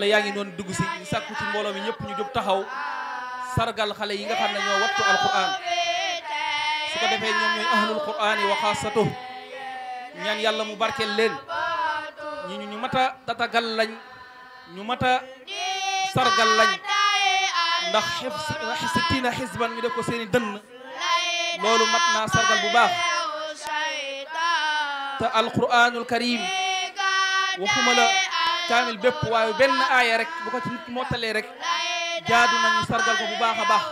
xale yaa ngi noonu dugg si ñu sàkku ci mbooloo mi ñëpp ñu jóg taxaw sargal xale yi nga xam ne ñoo wattu alquran su ko defee ñoom ñooy ahlul quran yi wa xaasatu yàlla mu barkeel leen ñi ñu mat a tatagal lañ ñu mat a sargal lañ ndax sittiina xisban ñu def ko seeni dënn loolu mat naa sargal bu baax te alquranul karim waxuma la kaamil bépp waaye benn aaya rek bu ko ci nit mottalee rek jaadu nañu sargal ko bu baax a baax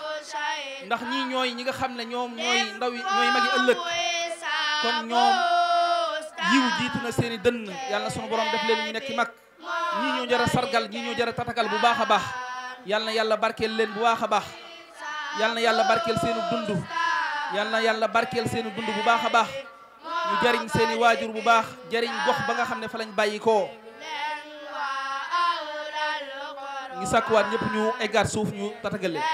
ndax ñii ñooy ñi nga xam ne ñoom ñooy ndaw yi nag magi ëllëg kon ñoom yiw jiitu na seen i dënn yàlla na sunu borom def leen ñu nekk mag ñii ñoo jar a sargal ñii ñoo jar a tatagal bu baax a baax yàlla na yàlla barkeel leen bu baax a baax yàlla na yàlla barkeel seenu dund yàlla na yàlla barkeel seenu dund bu baax a baax ñu jariñ seen i waajur bu baax jariñ gox ba nga xam ne fa lañ bàyyi koo ngi sàkkuwaat ñëpp ñu eggaat suuf ñu tatagal leen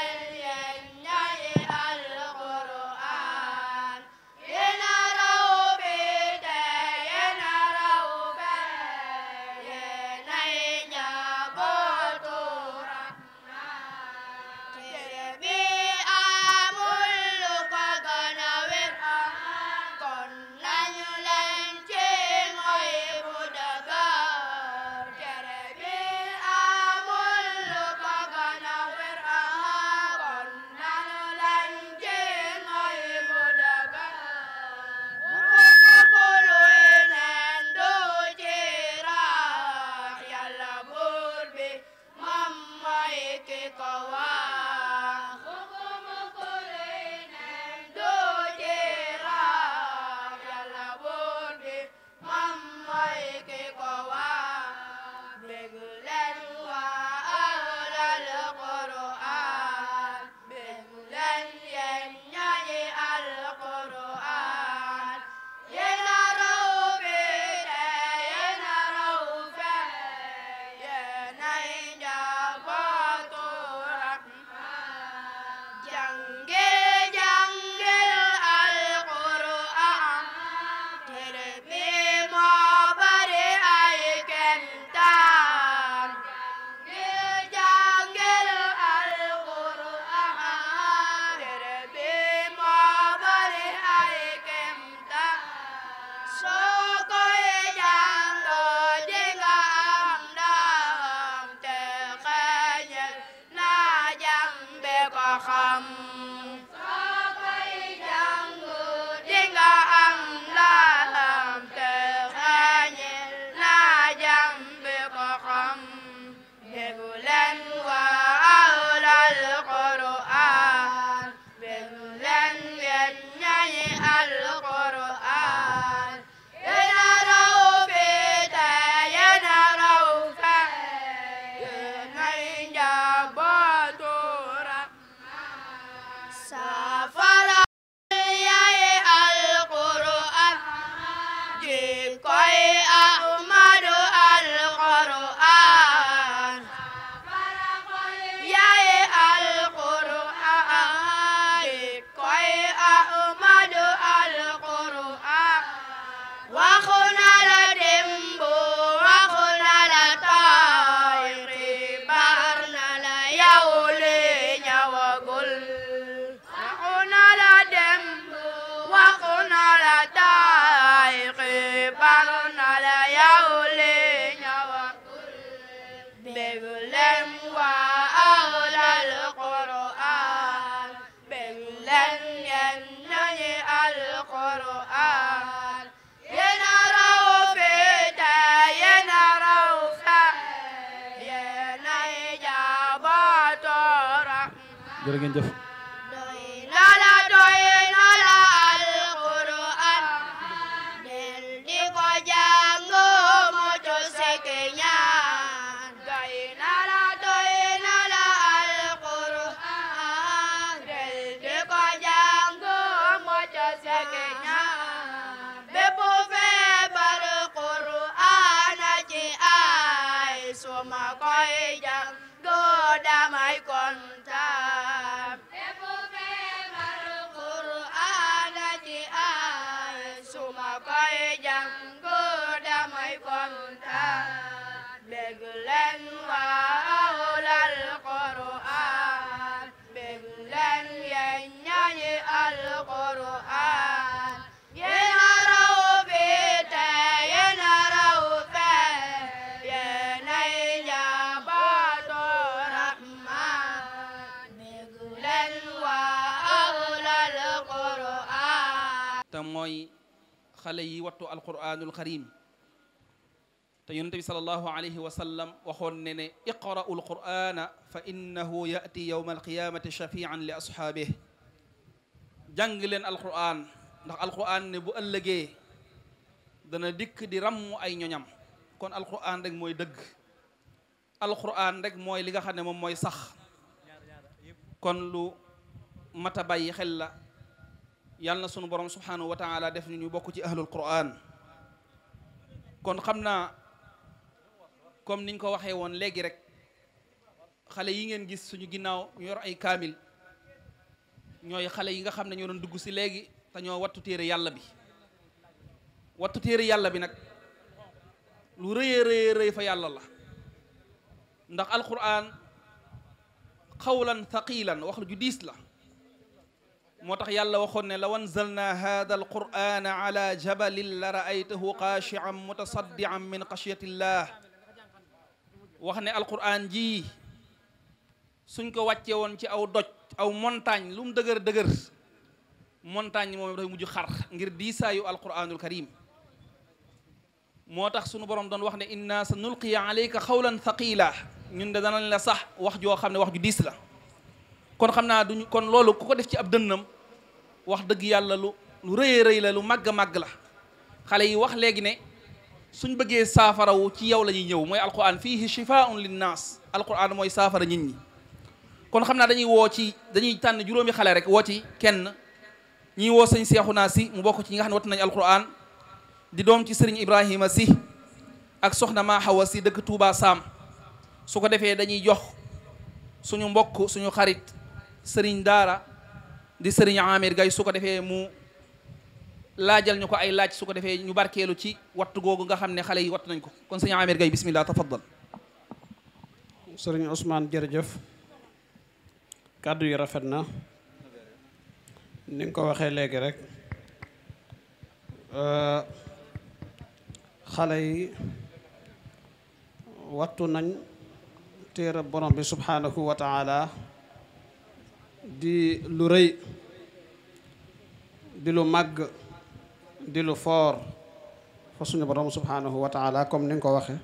Güller xale yi wattu alquranul karim te yonente bi salallahu alayhi wa sallam waxoon ne ne iqra'u alqur'ana fa innahu ya'ti yawma alqiyamati shafi'an li ashaabih jàng leen alquran ndax alquran ne bu ëllëgee dana dikk di ràmm ay ñoñam kon alquran rek mooy dëgg alquran rek mooy li nga xam ne moom mooy sax kon lu mata bàyyi yàlla na sunu borom subhanahu wa taala def ñu ñu bokk ci ahlul quran kon xam naa comme niñ ko waxee woon léegi rek xale yi ngeen gis suñu ginnaaw ñu yor ay kaamil ñooy xale yi nga xam ne ñoo doon dugg si léegi te ñoo wattu téere yàlla bi wattu téere yàlla bi nag lu rëyee rëyee rëy fa yàlla la ndax alquran xawlan thaqilan wax lu ju diis la moo tax yàlla waxoon ne law anzalna hada alqur'ana ala jabalin la ra'aytahu xaashi'an mutasaddi'an min xashyatillah wax ne alqur'an ji suñ ko wàcce woon ci aw doj aw montagne lu mu dëgër dëgër montagne moom dafay mujj xar ngir diisaayu alqur'anul karim moo tax sunu borom doon wax ne inna sa nulqiya alayka xawlan thaqila ñun de danañ la sax wax joo xam ne wax ju diis la kon loolu ko def ci ab wax dëgg yàlla lu lu rëyee rëy la lu màgg màgg la xale yi wax léegi ne suñ bëggee saafarawu ci yow la ñuy ñëw mooy alquran fiihi shifaun linnaas alquran mooy saafara nit ñi kon xam naa dañuy woo ci dañuy tànn juróomi xale rek woo ci kenn ñi woo sëñ naa Si mu bokk ci nga xam ne wattu nañu alquran di doom ci sëriñ Ibrahima Si ak soxna maa Hawa Si dëkk tuubaa Sam su ko defee dañuy jox suñu mbokk suñu xarit sëriñ daara di sëriñ Amir Gaye su ko defee mu laajal ñu ko ay laaj su ko defee ñu barkeelu ci wattu googu nga xam ne xale yi wattu nañ ko kon sëriñ Amir Gaye bismillah tafaddal sëriñ jërëjëf kàddu yi rafet na ni ko waxee léegi rek euh, xale yi wattu nañ téere borom bi subhanahu wa taala di lu rëy dilu lu màgg di lu foor fa suñu borom subhanahu wa taala comme ni nga ko waxe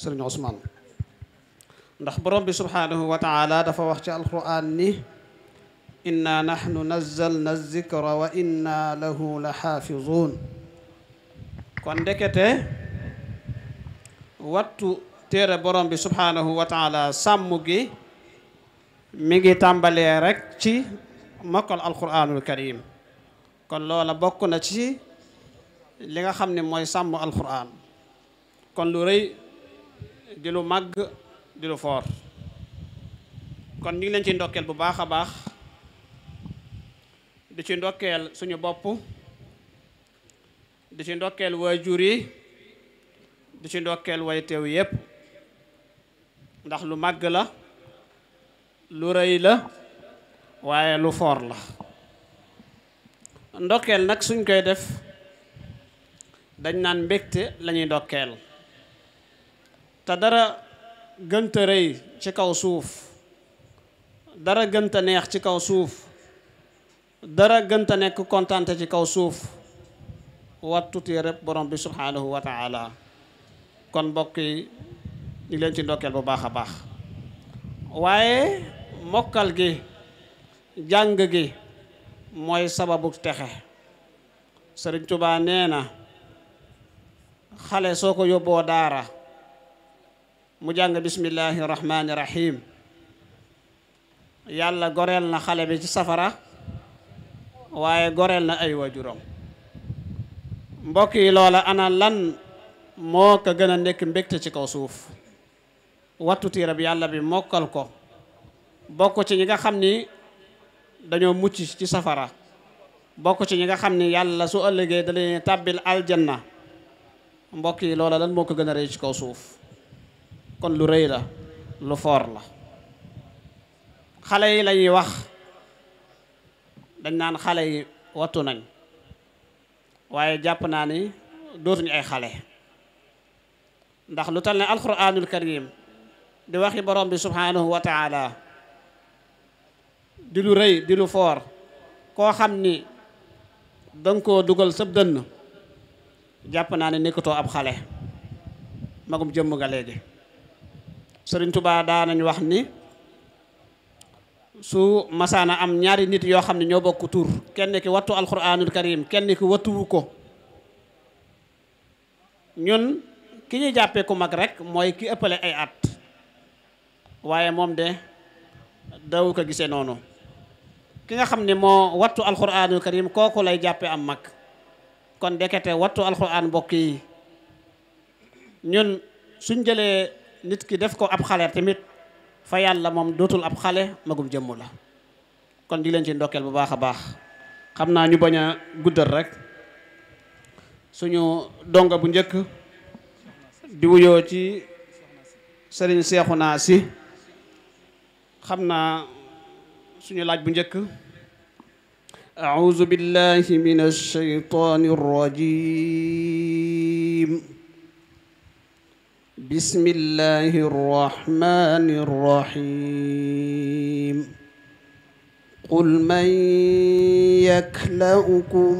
sëriñ Ousmane ndax borom bi subhanahu wa taala dafa wax ci alquran ni inna nahnu nazzalna zikra wa inna lahu la xaafizun kon ndekete wattu téere borom bi subhanahu wa taala sàmm gi mi ngi tàmbalee rek ci mokkal alquranul karim kon loola bokk na ci li nga xam ni mooy sàmm alxuraan kon lu rëy di lu màgg di lu foor kon ñu ngi leen ci ndokkeel bu baax a baax di ci ndokkeel suñu bopp di ci ndokkeel waajur yi di ci ndokkeel way teew yépp ndax lu màgg la lu rëy la waaye lu foor la ndokkeel nag suñ koy def dañ naan mbégte lañuy ndokkeel te dara gënt rëy ci kaw suuf dara gënta ci kaw suuf dara gënta nekk kontante ci kaw suuf wattut yërëb borom bi subhaanahu wa kon mbokk yi ñu leen ci ndokkeel bu baax a baax waaye mokkal gi jàng gi mooy sababu texe sëriñ Tuubaa nee na xale soo ko yóbboo daara mu jàng bismillahi rahmaani rahim yàlla goreel na xale bi ci safara waaye goreel na ay waajuram mbokk yi loola ana lan moo ko gën a nekk mbégte ci kaw suuf wattu tiirab yàlla bi mokkal ko bokk ci nga xam ni dañoo mucc ci safara bokk ci ñi nga xam ni yàlla su ëllëgee da leen tàbbil aljanna mbokk yi loola lan moo ko gën a rëy ci kaw suuf kon lu réy la lu foor la xale yi lañuy wax dañ naan xale yi wattu nañ waaye jàpp naa ni dootuñu ay xale ndax lu tal ne alquranul karim di waxi borom bi subhanahu wa di lu rëy di lu foor koo xam ni danga ko dugal sab dënn jàpp naa ne nekkatoo ab xale magum jëmm nga léegi sëriñ tubaa daa nañ wax ni su masaana am ñaari nit yoo xam ne ñoo bokk tur kenn ki wattu alquranul karim kenn ki wattuwu ko ñun ki ñuy jàppee ku mag rek mooy ki ëppale ay at waaye moom de daw ko gisee noonu ki nga xam ne moo wattu alquranul karim kooku lay jàppee am mag kon dekete wattu alquran mbokk yi ñun suñ jëlee nit ki def ko ab xale tamit fa yàlla moom dootul ab xale magum jëmm la kon di leen ci ndokkeel bu baax a baax xam naa ñu bañ a guddal rek suñu donga bu njëkk di wuyoo ci sëriñ naa Si xam naa suñu laaj bu njëkk أعوذ بالله من الشيطان الرجيم بسم الله الرحمن الرحيم قل من يكلؤكم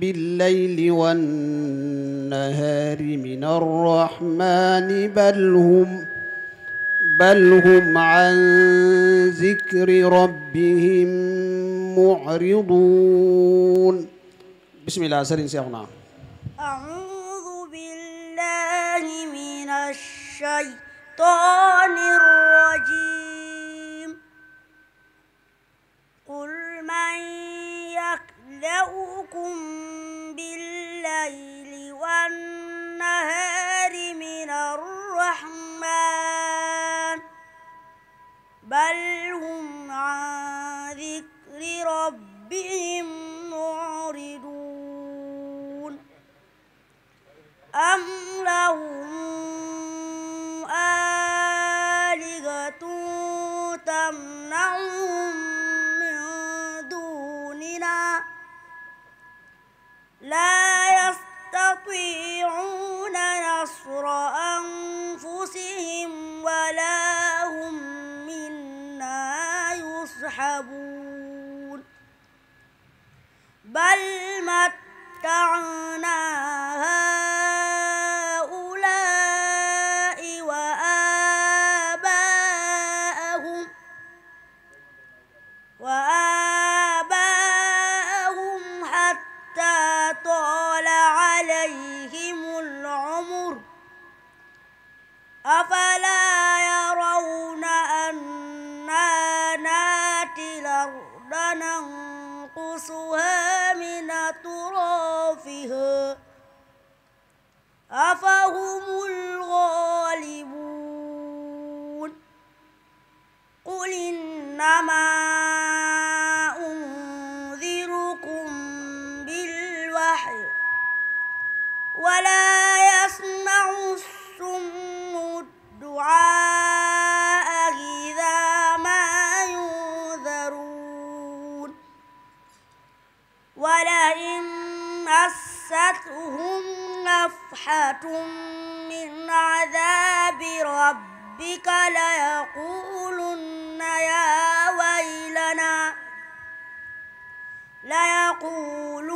بالليل والنهار من الرحمن بل هم بل هم عن ذكر ربهم معرضون بسم الله سرين سيخنا أعوذ بالله من الشيطان الرجيم قل من يكلؤكم بالليل والنهار من الرحمن بل هم عن ذكر ربهم معرضون أم لهم صيحة من عذاب ربك ليقولن يا ويلنا ليقولن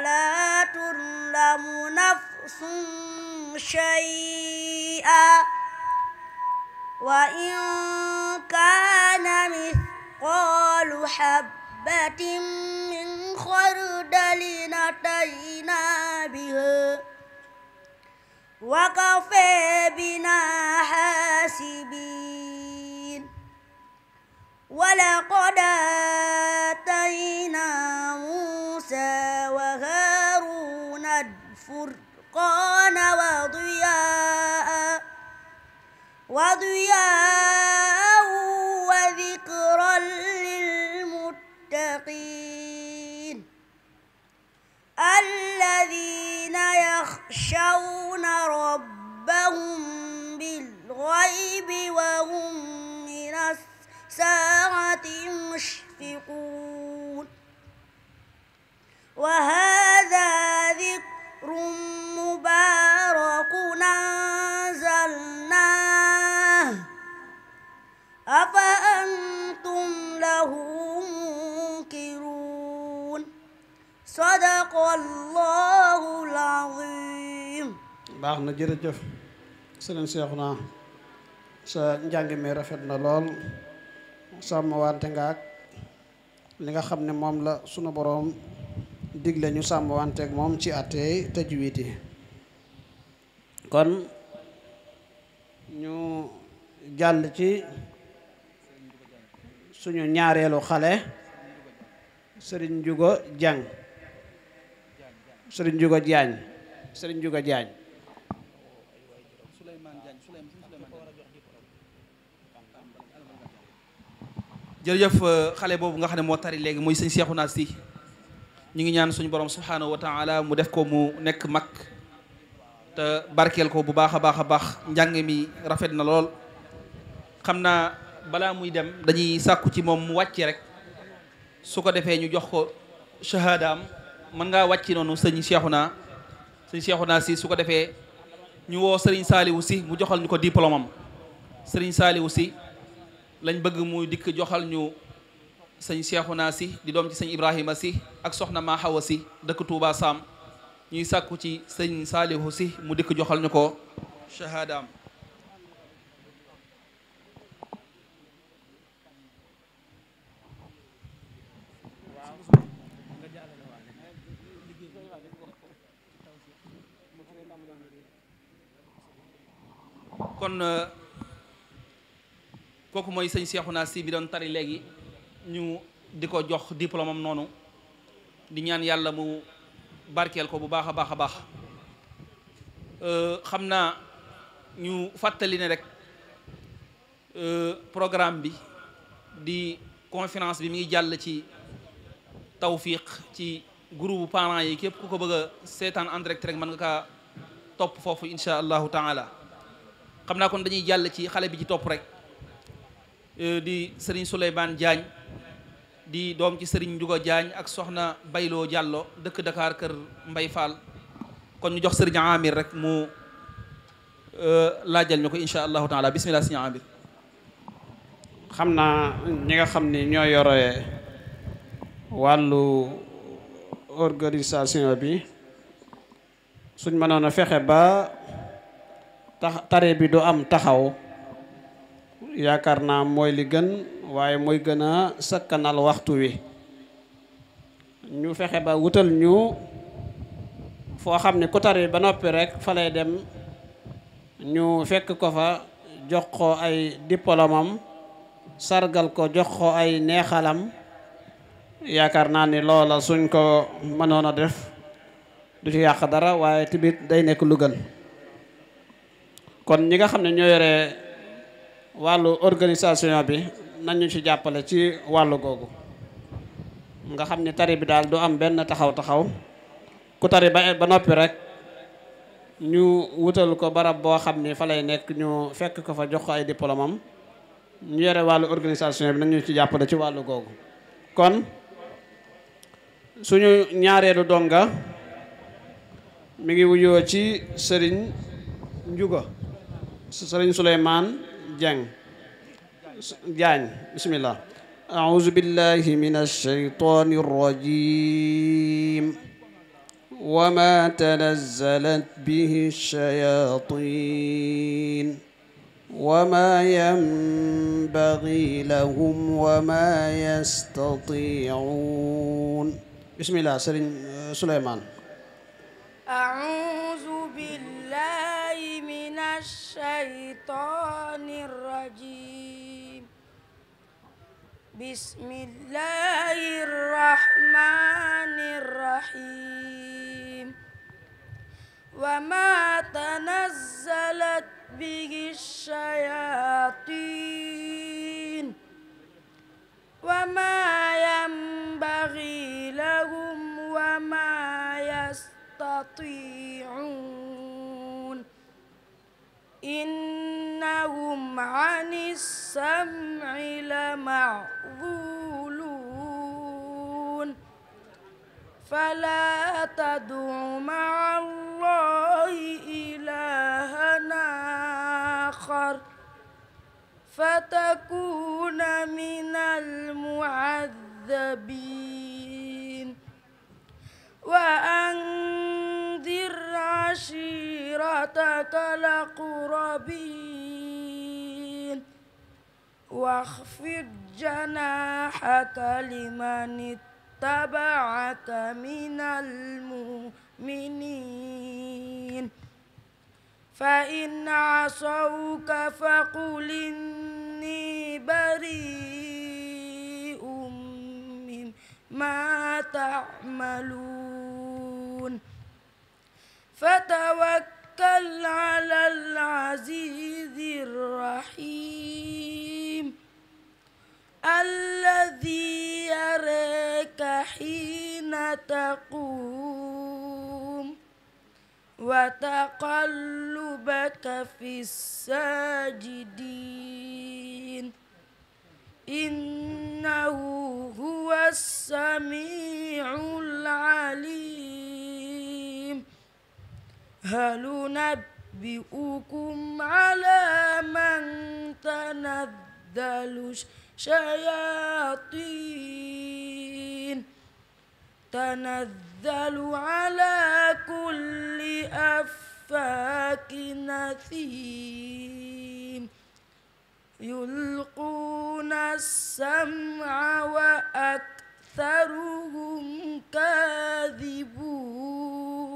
ولا تظلم نفس شيئا وإن كان مثقال حبة من خردل أتينا بها وكفى بنا حاسبين ولقد آتينا فرقان وضياء وضياء وذكرا للمتقين الذين يخشون ربهم بالغيب وهم من الساعة مشفقون وهذا baax na jërëjëf sëriñ Seexuna rafet na lool sàmm nga li nga xam ne moom la sunu boroom digle ñu sàmm wante moom ci àttee tajwiid kon ñu jàll ci suñu ñaareelu xale sëriñ Jugo Jàng sëriñ Jugo Jaañ sëriñ Jugo Jaañ jërëjëf euh, xale boobu nga xam ne moo tari léegi muy sëñ naa Si ñu ngi ñaan suñu borom subhaanahu wa alaa mu def ko mu nekk mag te barkeel ko bu baax a baax a baax njàng mi rafet na lool xam naa balaa muy dem dañuy sàkku ci moom mu wàcc rek su ko defee ñu jox ko shahadaam mën ngaa wàcc noonu sëñ Seexuna sëñ naa Si su ko defee ñu woo sëriñ Saaliwu Si mu joxal ñu ko diplôme am sëriñ Saaliwu Si lañ bëgg muy dikk joxal ñu sëñ naa si di doom ci sëñ Ibrahima si ak soxna ma Hawa si dëkk Touba Sam ñuy sàkku ci sëñ Saalihu si mu dikk joxal ñu ko shahaadaam kooku mooy sëñ naa sii bi doon tari léegi ñu di ko jox diplôme am noonu di ñaan yàlla mu barkeel ko bu baax a baax a baax euh, xam naa ñu fàttali ne rek euh, programme bi di conférence bi mi ngi jàll ci tawfiq ci groupe parents yi képp ku ko bëgg seetaan en rek mën nga kaa topp foofu incha allahu taala xam naa kon dañuy jàll ci xale bi ci topp rek Euh, di sëriñ Souleymane Diagne di doom ci sëriñ Ndiouga jaañ ak soxna Bayloo jàlloo dëkk Dakar kër Mbay Fall kon ñu jox sëriñ Amir rek mu euh, laajal ñu ko incha allahu taala bismillah sëriñ Amir xam naa ñi nga xam ni ñoo yore wàllu organisation bi suñ mënoon a fexe ba tax tare bi du am taxaw yaakaar naa mooy li gën waaye mooy gën a sakkanal waxtu wi ñu fexe ba wutal ñu foo xam ne ku tari ba noppi rek fa lay dem ñu fekk ko fa jox ko ay diplômam sargal ko jox ko ay neexalam yaakaar naa ni loola suñ ko mënoon a def du ci yàq dara waaye tibit day nekk lu gën kon ñi nga xam ne ñoo yore wàllu organisation bi nañu ci jàppale ci wàllu googu nga xam ni tari bi daal du am benn taxaw-taxaw ku tari ba ba noppi rek ñu wutal ko barab boo xam ni fa lay nekk ñu fekk ko fa jox ko ay diplôme am ñu yore wàllu organisation bi nañu ci jàppale ci wàllu googu kon suñu ñaareelu donga mi ngi wuyoo ci sëriñ Njuga sëriñ Souleymane Dieng Diagne bismillah أعوذ بالله من الشيطان الرجيم وما تنزلت به الشياطين وما ينبغي لهم وما يستطيعون بسم الله سليم سليمان أعوذ بالله من الشيطان الرجيم بسم الله الرحمن الرحيم وما تنزلت به الشياطين وما ينبغي لهم وما يس يستطيعون إنهم عن السمع لمعذولون فلا تدع مع الله إلها آخر فتكون من المعذبين وأنذر عشيرتك الأقربين واخفض جناحك لمن اتبعك من المؤمنين فإن عصوك فقل إني بريء مما تعملون فتوكل على العزيز الرحيم الذي يراك حين تقوم وتقلبك في الساجدين إنه هو السميع العليم هل ننبئكم على من تنزل الشياطين تنزل على كل أفاك نثيم يلقون السمع وأكثرهم كاذبون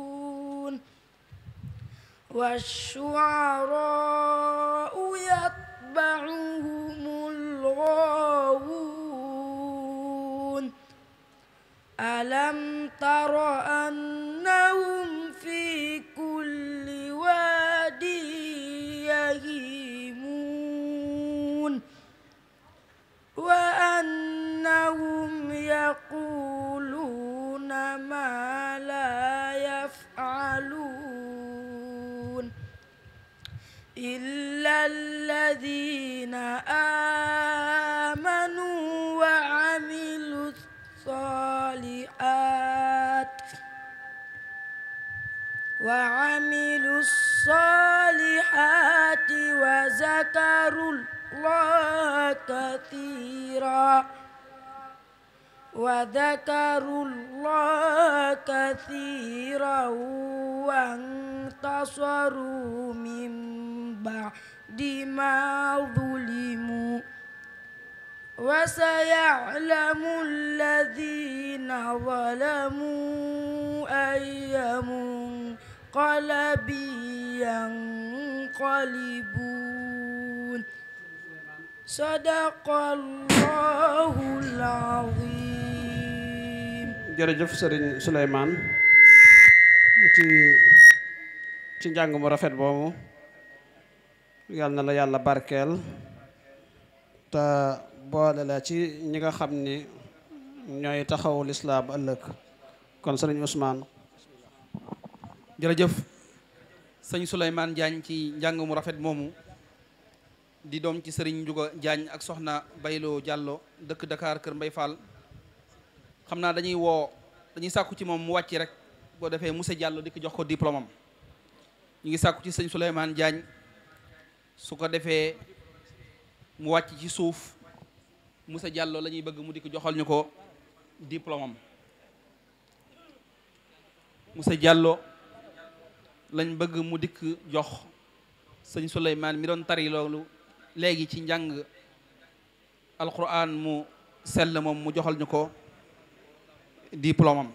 والشعراء يتبعهم الغاوون ألم تر أنهم في كل واد يهيمون وأنهم يقولون إلا الذين آمنوا وعملوا الصالحات وعملوا الصالحات وذكروا الله كثيرا وذكروا الله كثيرا وانتصروا من بعد ما ظلموا وسيعلم الذين ظلموا أي منقلب ينقلبون صدق الله العظيم jërëjëf sëriñ Souleymane ci ci njàng mu rafet boobu yal na la yàlla barkeel te boole la ci ñi nga xam ni ñooy taxaw lislaam ëllëg kon sëriñ Ousmane jërëjëf sëñ Souleymane Diagne ci njàng mu rafet moomu di doom ci sëriñ Njuga Diagne ak soxna bayloo jàlloo dëkk Dakar kër Mbay Fall xam naa dañuy woo dañuy sàkku ci moom mu wàcc rek boo defee Moussa Diallo dikk jox ko diplôme am ñu ngi sàkku ci sëñ Souleymane Diagne su ko defee mu wàcc ci suuf Moussa jàlloo la ñuy bëgg mu dikk joxal ñu ko diplôme am Moussa lañ bëgg mu dikk jox sëñ Souleymane mi doon tari loolu léegi ci njàng alquran mu sell moom mu joxal ñu ko diplôme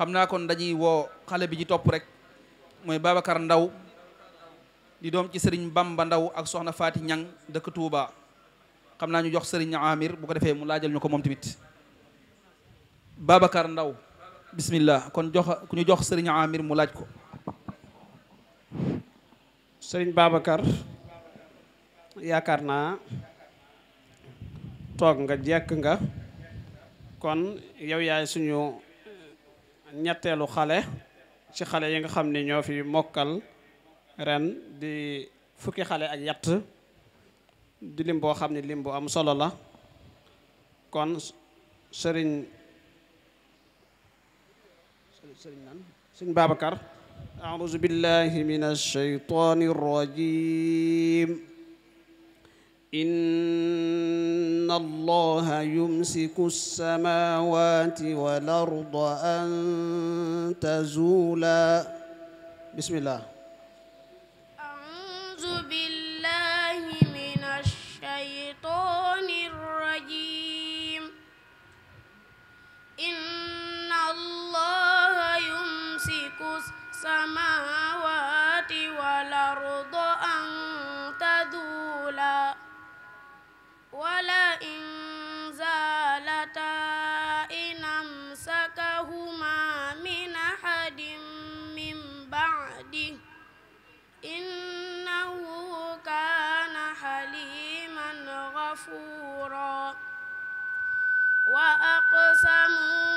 xam naa kon dañuy woo xale bi ci topp rek mooy Babacar Ndaw di doom ci sëriñ Bamba Ndaw ak soxna Faati Ñang dëkk tuuba xam naa ñu jox sëriñ Amir bu ko defee mu laajal ñu ko moom tamit babakar Ndaw bismillah kon jox ku ñu jox sëriñ Amir mu laaj ko sëriñ babakar yaakaar naa toog nga jekk nga kon yow yaay suñu uh, ñetteelu xale ci xale yi nga xam ni ñoo fi mokkal ren di fukki xale ak yatt di lim boo xam ne lim bu am solo la kon sëriñ sëriñ nan sëriñ Babacar a'uuzu billahi min shaytaani rajiim إن الله يمسك السماوات والأرض أن تزولا بسم الله أعوذ بالله من الشيطان الرجيم إن الله يمسك السماوات أقسموا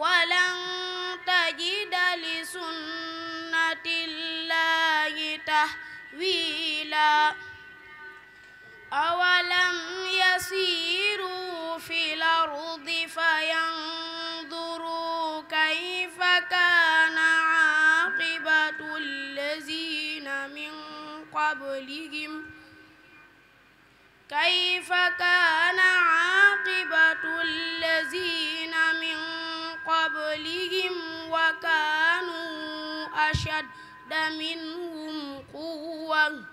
ولن تجد لسنة الله تحويلا أولم يسيروا في الأرض فينظروا كيف كان عاقبة الذين من قبلهم كيف كان عاقبة الذين منهم قوة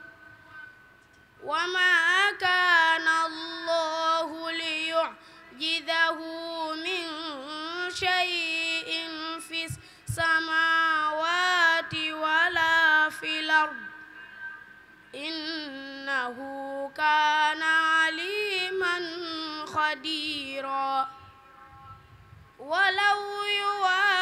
وما كان الله ليعجزه من شيء في السماوات ولا في الأرض إنه كان عليما قديرا ولو يوالي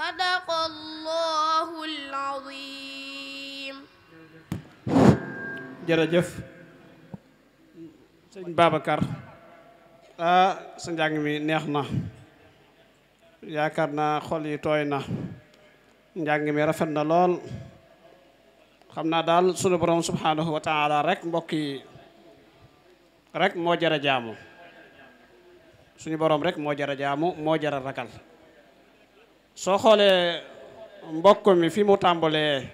sadaqallahul aziim jërëjëf sëñ Babacar ah sa njàng mi neex na yaakaar naa xol yi tooy na njàng mi rafet na lool xam naa daal suñu borom subhanahu wa rek mbokk yi rek moo jara jaamu suñu boroom rek moo jara jaamu moo jara ragal soo xoolee mbokk mi fi mu tàmbalee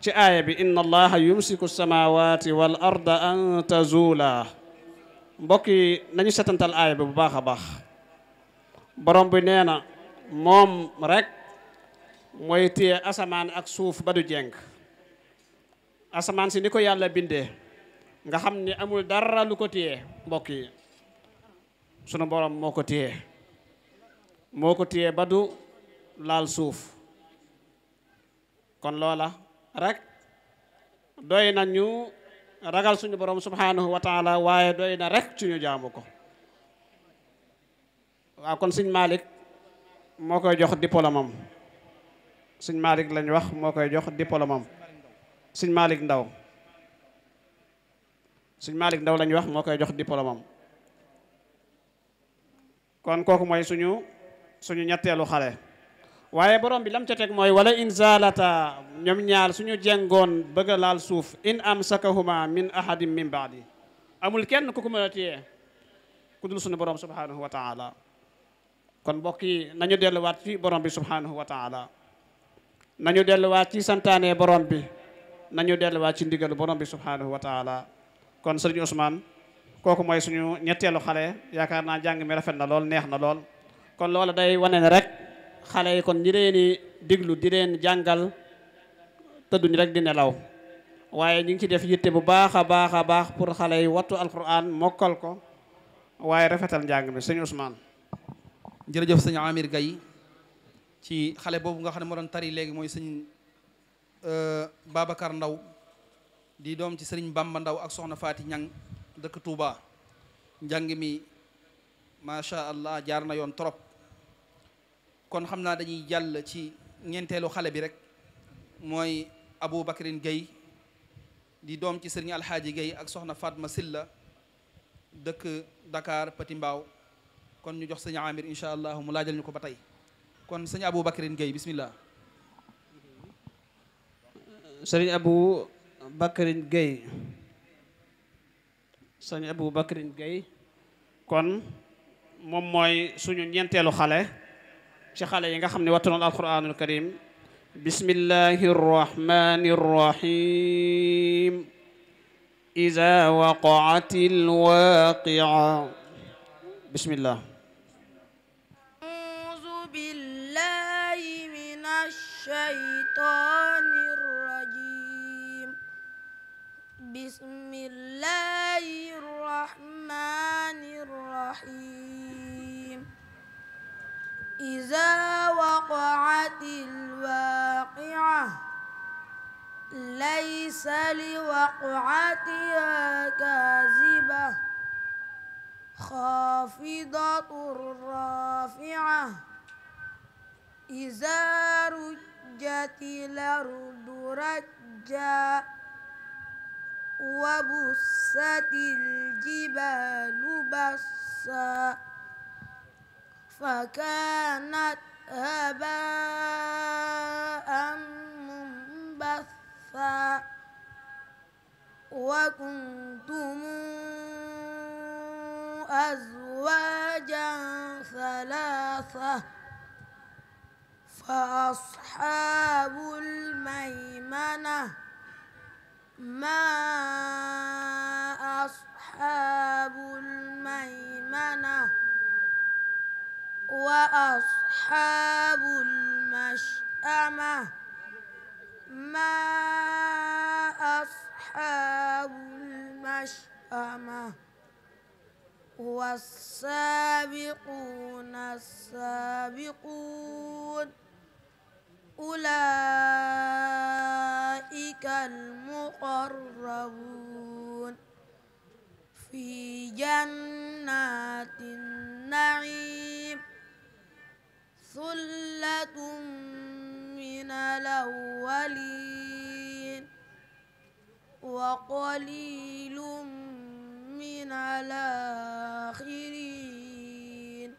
ci aaya bi inna allaha yumsiku samawati wal arda an tazula mbokk yi nañu setantal aaya bi bu baax a baax borom bi nee na moom rekk mooy téye asamaan ak suuf ba du jeng asamaan si ni ko yàlla bindee nga xam ni amul dara lu ko téye mbokk yi sunu borom moo ko téye moo ko téye ba du laal suuf kon loola rek doy na ñu ragal suñu boroom subhanahu wa taala waaye doy na rek ci ñu jaamu ko waaw kon sëñ Malick moo koy jox diplôme am sëñ Malick lañ wax moo koy jox diplôme am Ndaw sëñ Malick Ndaw lañ wax moo koy jox diplôme am kon kooku mooy suñu suñu ñetteelu xale waaye borom bi lam ca teg mooy wala in zaalata ñoom ñaar suñu jengoon bëgg a laal suuf in amsakahuma min ahadin min baadi amul kenn ku ko mën a téye ku dul suñu borom subhanahu wa taala kon mbokk yi nañu delluwaat ci borom bi subhanahu wa nañu delluwaat ci santaane borom bi nañu delluwaat ci ndigalu borom bi subhanahu wa taala kon sëriñ Ousmane kooku mooy suñu ñetteelu xale yaakaar naa jàng mi rafet na lool neex na lool kon loola day wane ne rek xale yi kon ñi leen di diglu di leen jàngal tëdduñu rek di nelaw waaye ñu ngi ci def yitte bu baax a baax a baax pour xale yi wattu alquran mokkal ko waaye rafetal njàng mi sëñ Ousmane. jërëjëf sëñ Amir Gaye ci xale boobu nga xam ne moo tari léegi mooy sëñ euh, Babacar Ndaw di doom ci sëriñ Bamba Ndaw ak soxna Faati Ñang dëkk Touba njàng mi macha allah jaar na yoon trop kon xam naa dañuy jàll ci ñeenteelu xale bi rek mooy abu Bakrin Gueye di doom ci sëriñ Alxaaji Gueye ak soxna Fatma la dëkk Dakar Petit Mbaaw kon ñu jox sëñ Amir incha allah mu laajal ñu ko ba tey kon sëñ Abou Bakrin Gueye bismillah sëriñ Abou Bakrin Gueye sëñ Abou Bakrin kon moom mooy suñu ñeenteelu xale ci xale yi nga xam ne wattu noon alquranul karim bismillahi arrahmani arrahim ida waqaati alwaqia bismillah auzu billahi min ashaytani rrajim bismillahi arrahmani arrahim إذا وقعت الواقعة ليس لوقعتها كاذبة خافضة رافعة إذا رجت الأرض رجا وبست الجبال بسا فكانت هباء منبثا وكنتم أزواجا ثلاثة فأصحاب الميمنة ما أصحاب الميمنة وأصحاب المشأمة ما أصحاب المشأمة والسابقون السابقون أولئك المقربون في جنات النعيم ثلة من الأولين وقليل من الآخرين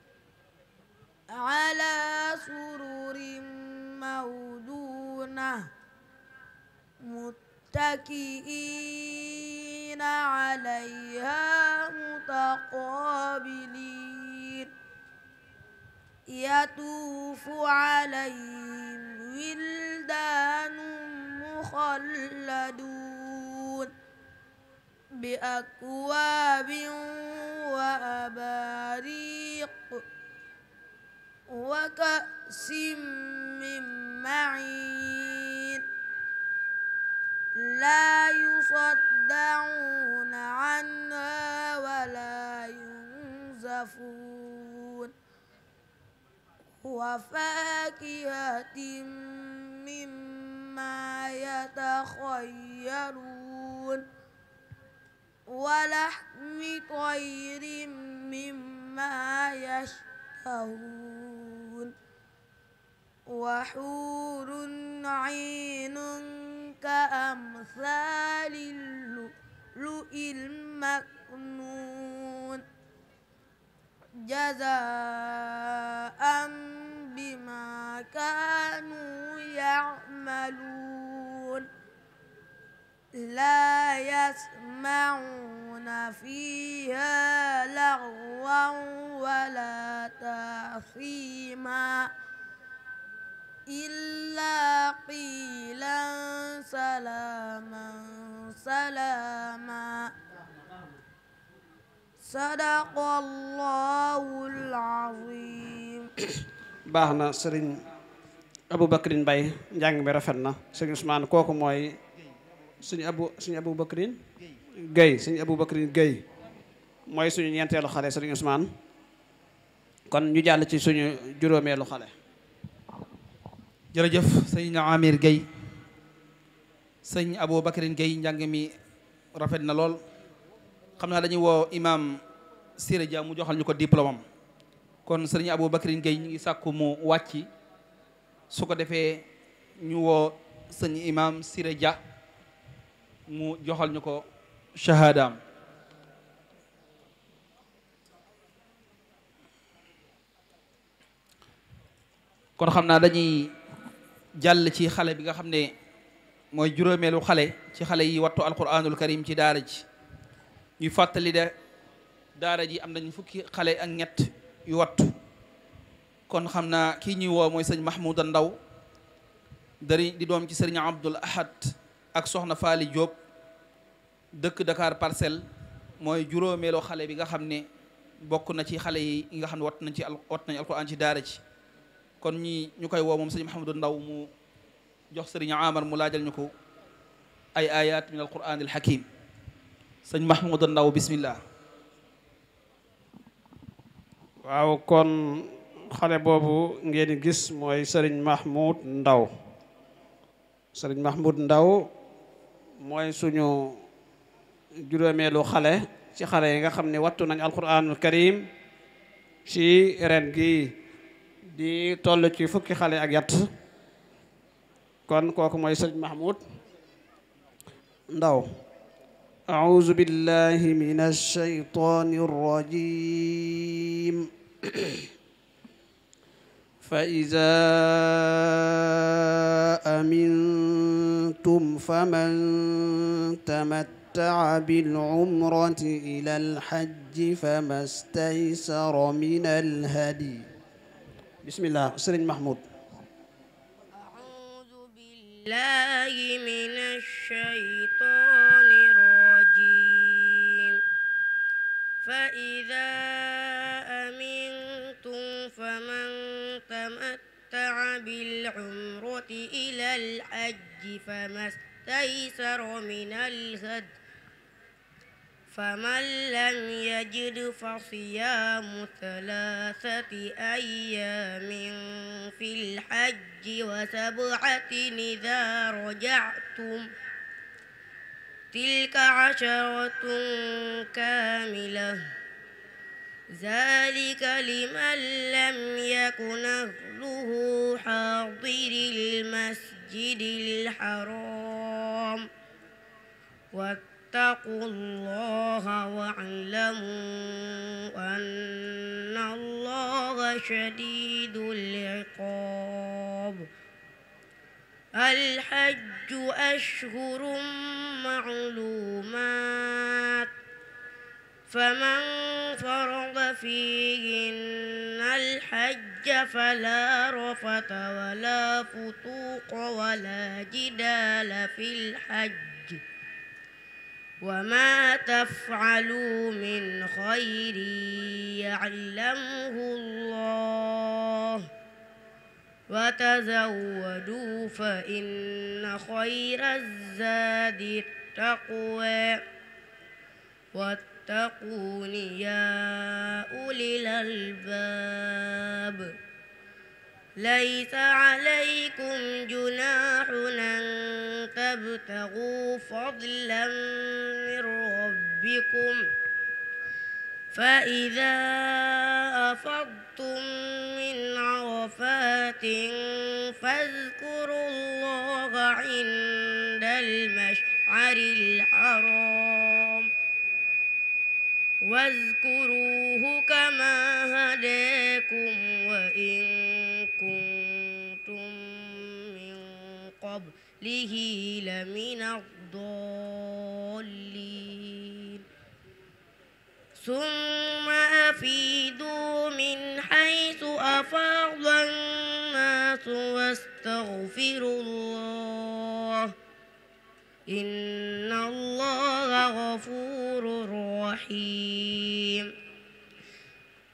على سرر موضونة متكئين عليها متقابلين يطوف عليهم ولدان مخلدون بأكواب وأباريق وكأس من معين لا يصدعون عنها ولا ينزفون وفاكهة مما يتخيرون ولحم طير مما يشتهون وحور عين كأمثال اللؤلؤ المكنون جزاء بما كانوا يعملون لا يسمعون فيها لغوا ولا تأثيما إلا قيلا سلاما سلاما صدق الله العظيم baax na sëriñ abu Aboubacrine Mbaye njàng mi rafet na sëriñ Ousmane kooku mooy suñu abu suñu Aboubacrine Guèye suñu Aboubacrine Guèye mooy suñu ñeenteelu xale sëriñ Ousmane kon ñu jàll ci suñu juróomeelu xale jërëjëf sëñ Amir Guèye sëñ Aboubacrine Guèye njàng mi rafet na lool xam naa dañuy woo imam Siré Dia mu joxal ñu ko diplôme kon sëriñ Aboubacrine Gueye ñu ngi sàkku mu wàcci su ko defee ñu woo sëñ imam Siré Dia mu joxal ñu ko shahadaam kon xam naa dañuy jàll ci xale bi nga xam ne mooy juróomeelu xale ci xale yi wattu alquranul karim ci daara ji ñuy fàttali de daara ji am nañ fukki xale ak ñett yu wattu kon xam naa kii ñuy woo mooy sëñ Mahmouda Ndaw dari di doom ci sëriñ Abdul Ahad ak soxna Faali Jóob dëkk Dakar Parcelles mooy juróomeelu xale bi nga xam ne bokk na ci xale yi nga xam ne wat nañ ci al wat nañ alquran ci daara ci kon ñi ñu koy woo moom sëñ Mahamadou Ndaw mu jox sëriñ Amar mu laajal ñu ko ay ayat min alquran alhakim sëñ Mahamadou Ndaw bismillah waaw kon xale boobu ngeen di gis mooy Serigne Mahmoud Ndaw Serigne Mahmoud Ndaw mooy suñu juróomeelu xale ci xale yi nga xam ne wattu nañ alquranul karim ci ren gi di toll ci fukki xale ak yatt kon kooku mooy Serigne Mahmoud Ndaw أعوذ بالله من الشيطان الرجيم فإذا أمنتم فمن تمتع بالعمرة إلى الحج فما استيسر من الهدي بسم الله سرين محمود أعوذ بالله من الشيطان فإذا أمنتم فمن تمتع بالعمرة إلى الحج فما استيسر من الهدي فمن لم يجد فصيام ثلاثة أيام في الحج وسبعة إذا رجعتم ۖ تلك عشرة كاملة ذلك لمن لم يكن أهله حاضر المسجد الحرام واتقوا الله واعلموا أن الله شديد العقاب الحج أشهر معلومات فمن فرض فيهن الحج فلا رفث ولا فسوق ولا جدال في الحج وما تفعلوا من خير يعلمه الله وتزودوا فإن خير الزاد التقوى واتقون يا أولي الألباب ليس عليكم جناح أن تبتغوا فضلا من ربكم فإذا أفضتم أفضتم من عرفات فاذكروا الله عند المشعر الحرام واذكروه كما هداكم وإن كنتم من قبله لمن الضالين ثم أفيدوا من حيث أفاض الناس واستغفروا الله إن الله غفور رحيم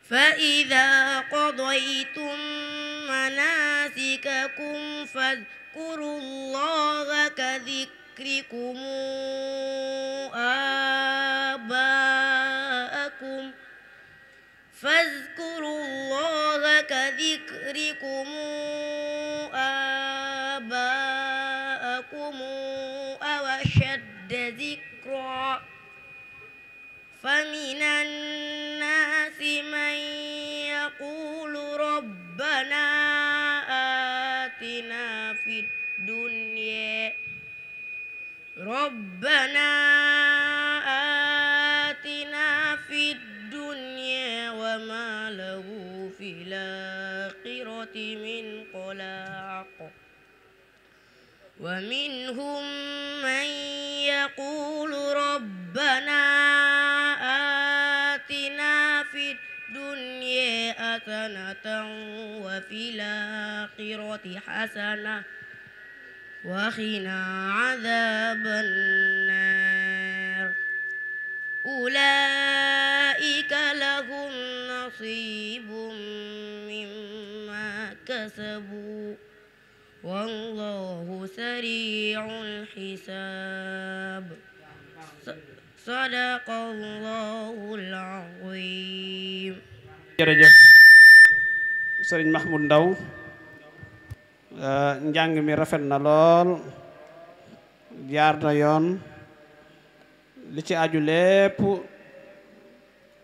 فإذا قضيتم مناسككم فاذكروا الله كذكركم آباءكم فاذكروا الله كذكركم آباءكم أو أشد ذكرا فمن الناس من يقول ربنا آتنا في الدنيا ربنا له في الآخرة من خلاق ومنهم من يقول ربنا آتنا في الدنيا حسنة وفي الآخرة حسنة وقنا عذاب النار أولئك لهم نصيب مما كسبوا والله سريع الحساب صدق الله العظيم jërëjëf sëriñ Mahmoud Ndaw eh, njàng mi rafet na lool jaar na yoon li ci aju lépp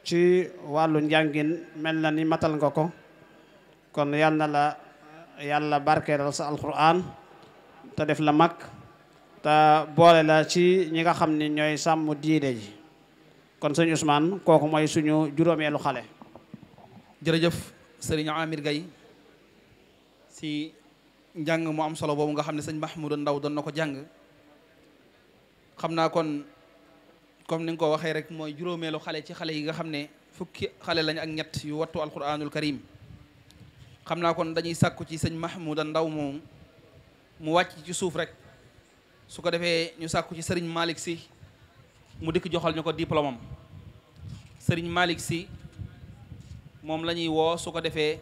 ci wàllu njàngin mel na ni matal nga ko kon yal la yàlla barkeelal sa alquran te def la mag te boole la ci ñi nga xam ni ñooy sàmm diine ji kon sëñ Ousmane kooku mooy suñu juróomeelu xale jërëjëf sëriñ Amir Gaye si njàng mu am solo boobu nga xam ne sëñ Mahmoud Ndaw doon na ko jàng xam naa kon comme ni nga ko waxee rek mooy juróomeelu xale ci xale yi nga xam ne fukki xale lañ ak ñett yu wattu alquranul karim xam naa kon dañuy sàkku ci sëñ Mahmouda Ndaw moom mu wàcc ci suuf rek su ko defee ñu sàkku ci sëriñ Malick si mu dikk joxal ñu ko diplôme sëriñ malik si moom lañuy woo su ko defee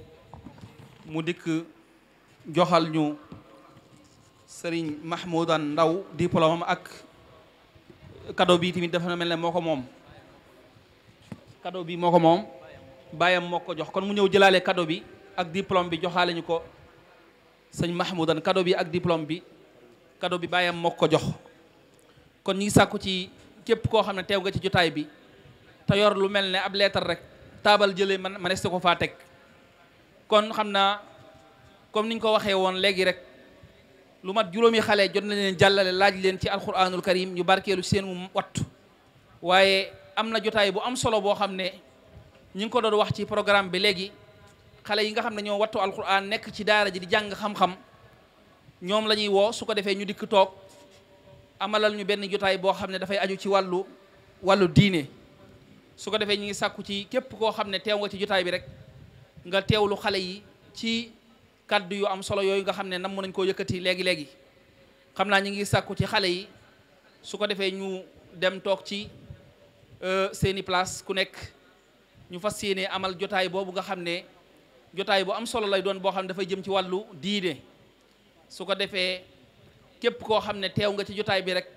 mu dikk joxal ñu sëriñ Mahmouda Ndaw diplôme ak cadeau bi tamit dafa mel ne moo ko moom cadeau bi moo ko moom bàyyam moo ko jox kon mu ñëw jëlaale kado bi ak diplôme bi joxaale ñu ko sëñ Mahmoudan kado bi ak diplôme bi kado bi bàyyam moo ko jox kon ñu ngi sàkku ci képp koo xam ne teew nga ci jotaay bi te lu mel ne ab leetar rek taabal jëlee man ma ko faa teg kon xam naa comme niñ ko waxee woon léegi rek lu mat juróomi xale jot na leen jàllale laaj leen ci alquranul karim ñu barkeelu seen wattu waaye am na jotaay bu am solo boo xam ne ñu ngi ko doon wax ci programme bi léegi xale yi nga xam ne ñoo wattu alquran nekk ci daara ji di jàng xam-xam ñoom la ñuy woo su ko defee ñu dikk toog amalal ñu benn jotaay boo xam ne dafay aju ci wàllu wàllu diine su ko defee ñu ngi sàkku ci képp koo xam ne teew nga ci jotaay bi rek nga teewlu xale yi ci kaddu yu am solo yooyu nga xam ne nam nañ koo yëkkati léegi léegi xam naa ñu ngi sàkku ci xale yi su ko defee ñu dem toog ci euh, seeni place ku nekk ñu fas yéene amal jotaay boobu nga xam ne jotaay bu am solo lay doon boo xam ne dafay jëm ci wàllu diine su ko defee képp koo xam ne teew nga ci jotaay bi rek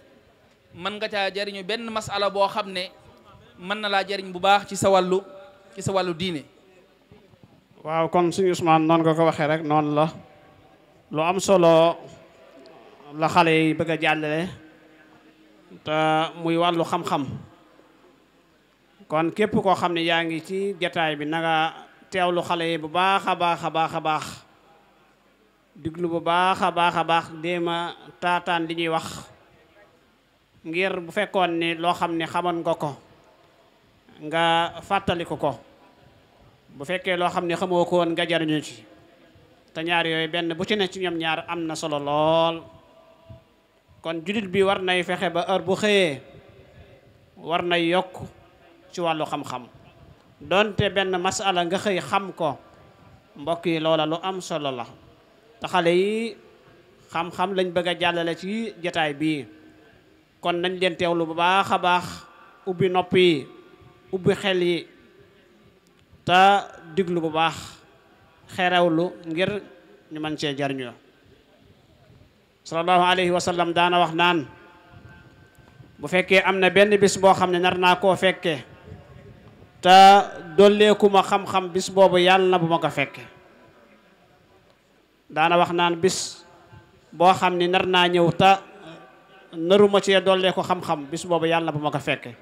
mën nga caa jariñu benn masala boo xam ne mën na laa jariñ bu baax ci sa wàllu ci sa wàllu diine waaw kon su Ousmane noonu nga ko waxee rek noonu la lu am solo la xale yi bëgg a jàllale te muy wàllu xam-xam kon képp koo xam ne yaa ngi ci gataay bi na nga teewlu xale yi bu baax a baax a baax a baax diglu bu baax a baax a baax déema taataan li ñuy wax ngir bu fekkoon ni loo xam ne xamoon nga ko nga fàttaliku ko bu fekkee loo xam ne xamoo ko woon nga jariñu ci te ñaar yooyu benn bu ci ne ci ñoom ñaar am na solo lool kon jullit bi war nay fexe ba heure bu xëyee war nay yokk ci wàllu xam-xam donte benn masala nga xëy xam ko mbokk yi loola lu am solo la te xale yi xam-xam lañ bëgg a jàllale ci jataay bii kon nañ leen teewlu bu baax a baax ubbi nopp yi ubbi xel yi te diglu bu baax xerewlu ngir ñu mën cee jariñoo sallallahu alayhi wa daana wax naan bu fekkee am na benn bis boo xam ne nar naa koo fekke te dolleekuma ma xam-xam bis boobu yàlla na bu ma ko fekke daana wax naan bis boo xam ne nar naa ñëw te naruma cee dolleeku xam-xam boobu yàlla bu ma ko fekke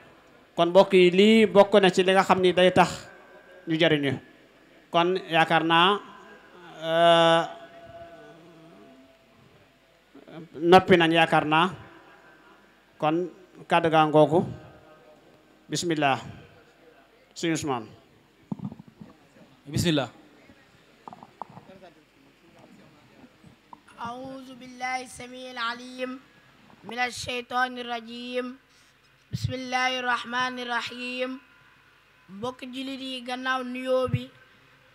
kon mbokk lii bokk na ci li nga xam ni day tax ñu jariñu kon yaakaar naa euh, noppi nañ yaakaar na kon kàddu gaa bismillah suñu Usmaan bismillah أعوذ بالله السميع العليم من الشيطان الرجيم بسم الله الرحمن mbokk jullit yi gannaaw nuyoo bi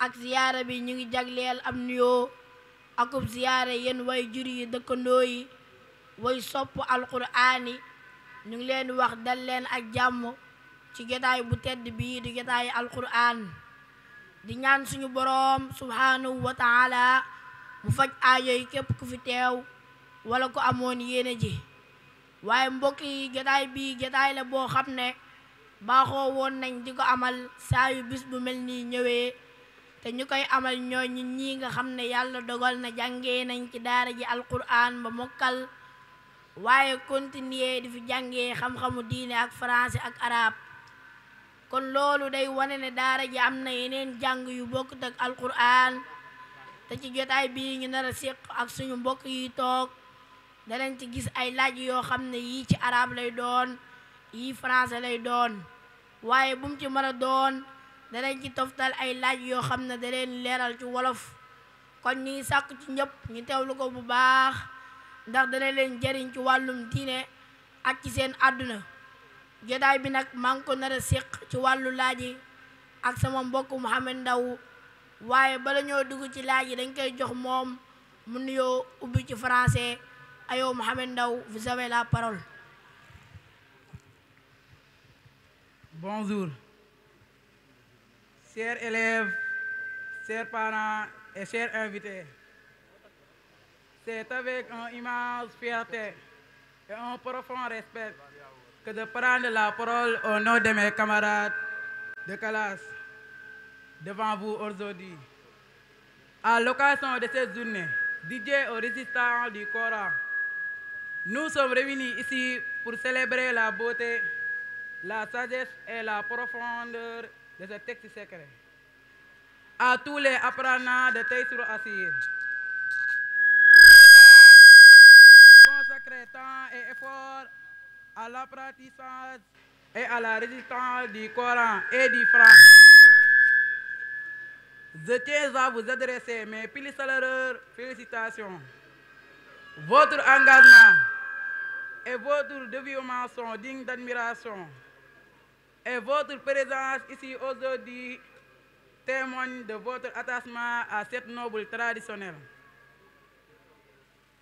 ak ziyaara bi ñu ngi jagleel am nuyoo akub ziyaara yéen way jur yi dëkkandoo yi way sopp alquraan yi ñu ngi leen wax dal leen ak jàmm ci jotaay bu tedd bii di jotaay alquraan di ñaan suñu boroom subhaanahu wa taala faj aajo yi képp ku fi teew wala ku amoon yéene ji waaye mbokk yi jotaay bii jotaay la boo xam ne baaxoo woon nañ di ko amal saa yu bis bu mel nii ñëwee te ñu koy amal ñooñu ñii nga xam ne yàlla dogal na jànge nañ ci daara ji alquran ba mokkal waaye continuer di fi jàngee xam-xamu diine ak français ak araab kon loolu day wane ne daara ji am na yeneen jàng yu bokkut ak alquran te ci jotaay bii ñu nar a ak suñu mbokk yi toog danañ ci gis ay laaj yoo xam ne yii ci araab lay doon yii français lay doon waaye bu mu ci mën a doon danañ ci toftal ay laaj yoo xam ne da leeral ci wolof kon ñi ngi sàkk ci ñëpp ñu teewlu ko bu baax ndax dana leen jariñ ci wàllum diine ak ci seen àdduna jotaay bi nag maa ngi ko nar a séq ci wàllu laaj yi ak sama mbokk mu Mouhamed Ndaw waaye bala ñoo dugg ci laaj yi dañ koy jox moom mu nuyoo ubbi ci français ayoo Mouhamed Ndaw vous avez la parole Bonjour. Chers élèves, chers parents et chers invités, c'est avec une immense fierté et un profond respect que de prendre la parole au nom de mes camarades de classe devant vous aujourd'hui. À l'occasion de cette journée dédiée aux résistants du Coran, nous sommes réunis ici pour célébrer la beauté la sagesse est la profondeur de ce texte secret. À tous les apprenants de Taïsir Assir, consacrez temps et effort à l'apprentissage et à la résistance du Coran et du français. Je tiens à vous adresser mes plus chaleureuses félicitations. Votre engagement et votre dévouement sont dignes d'admiration. et votre présence ici aujourd'hui témoigne de votre attachement à cette noble traditionnelle.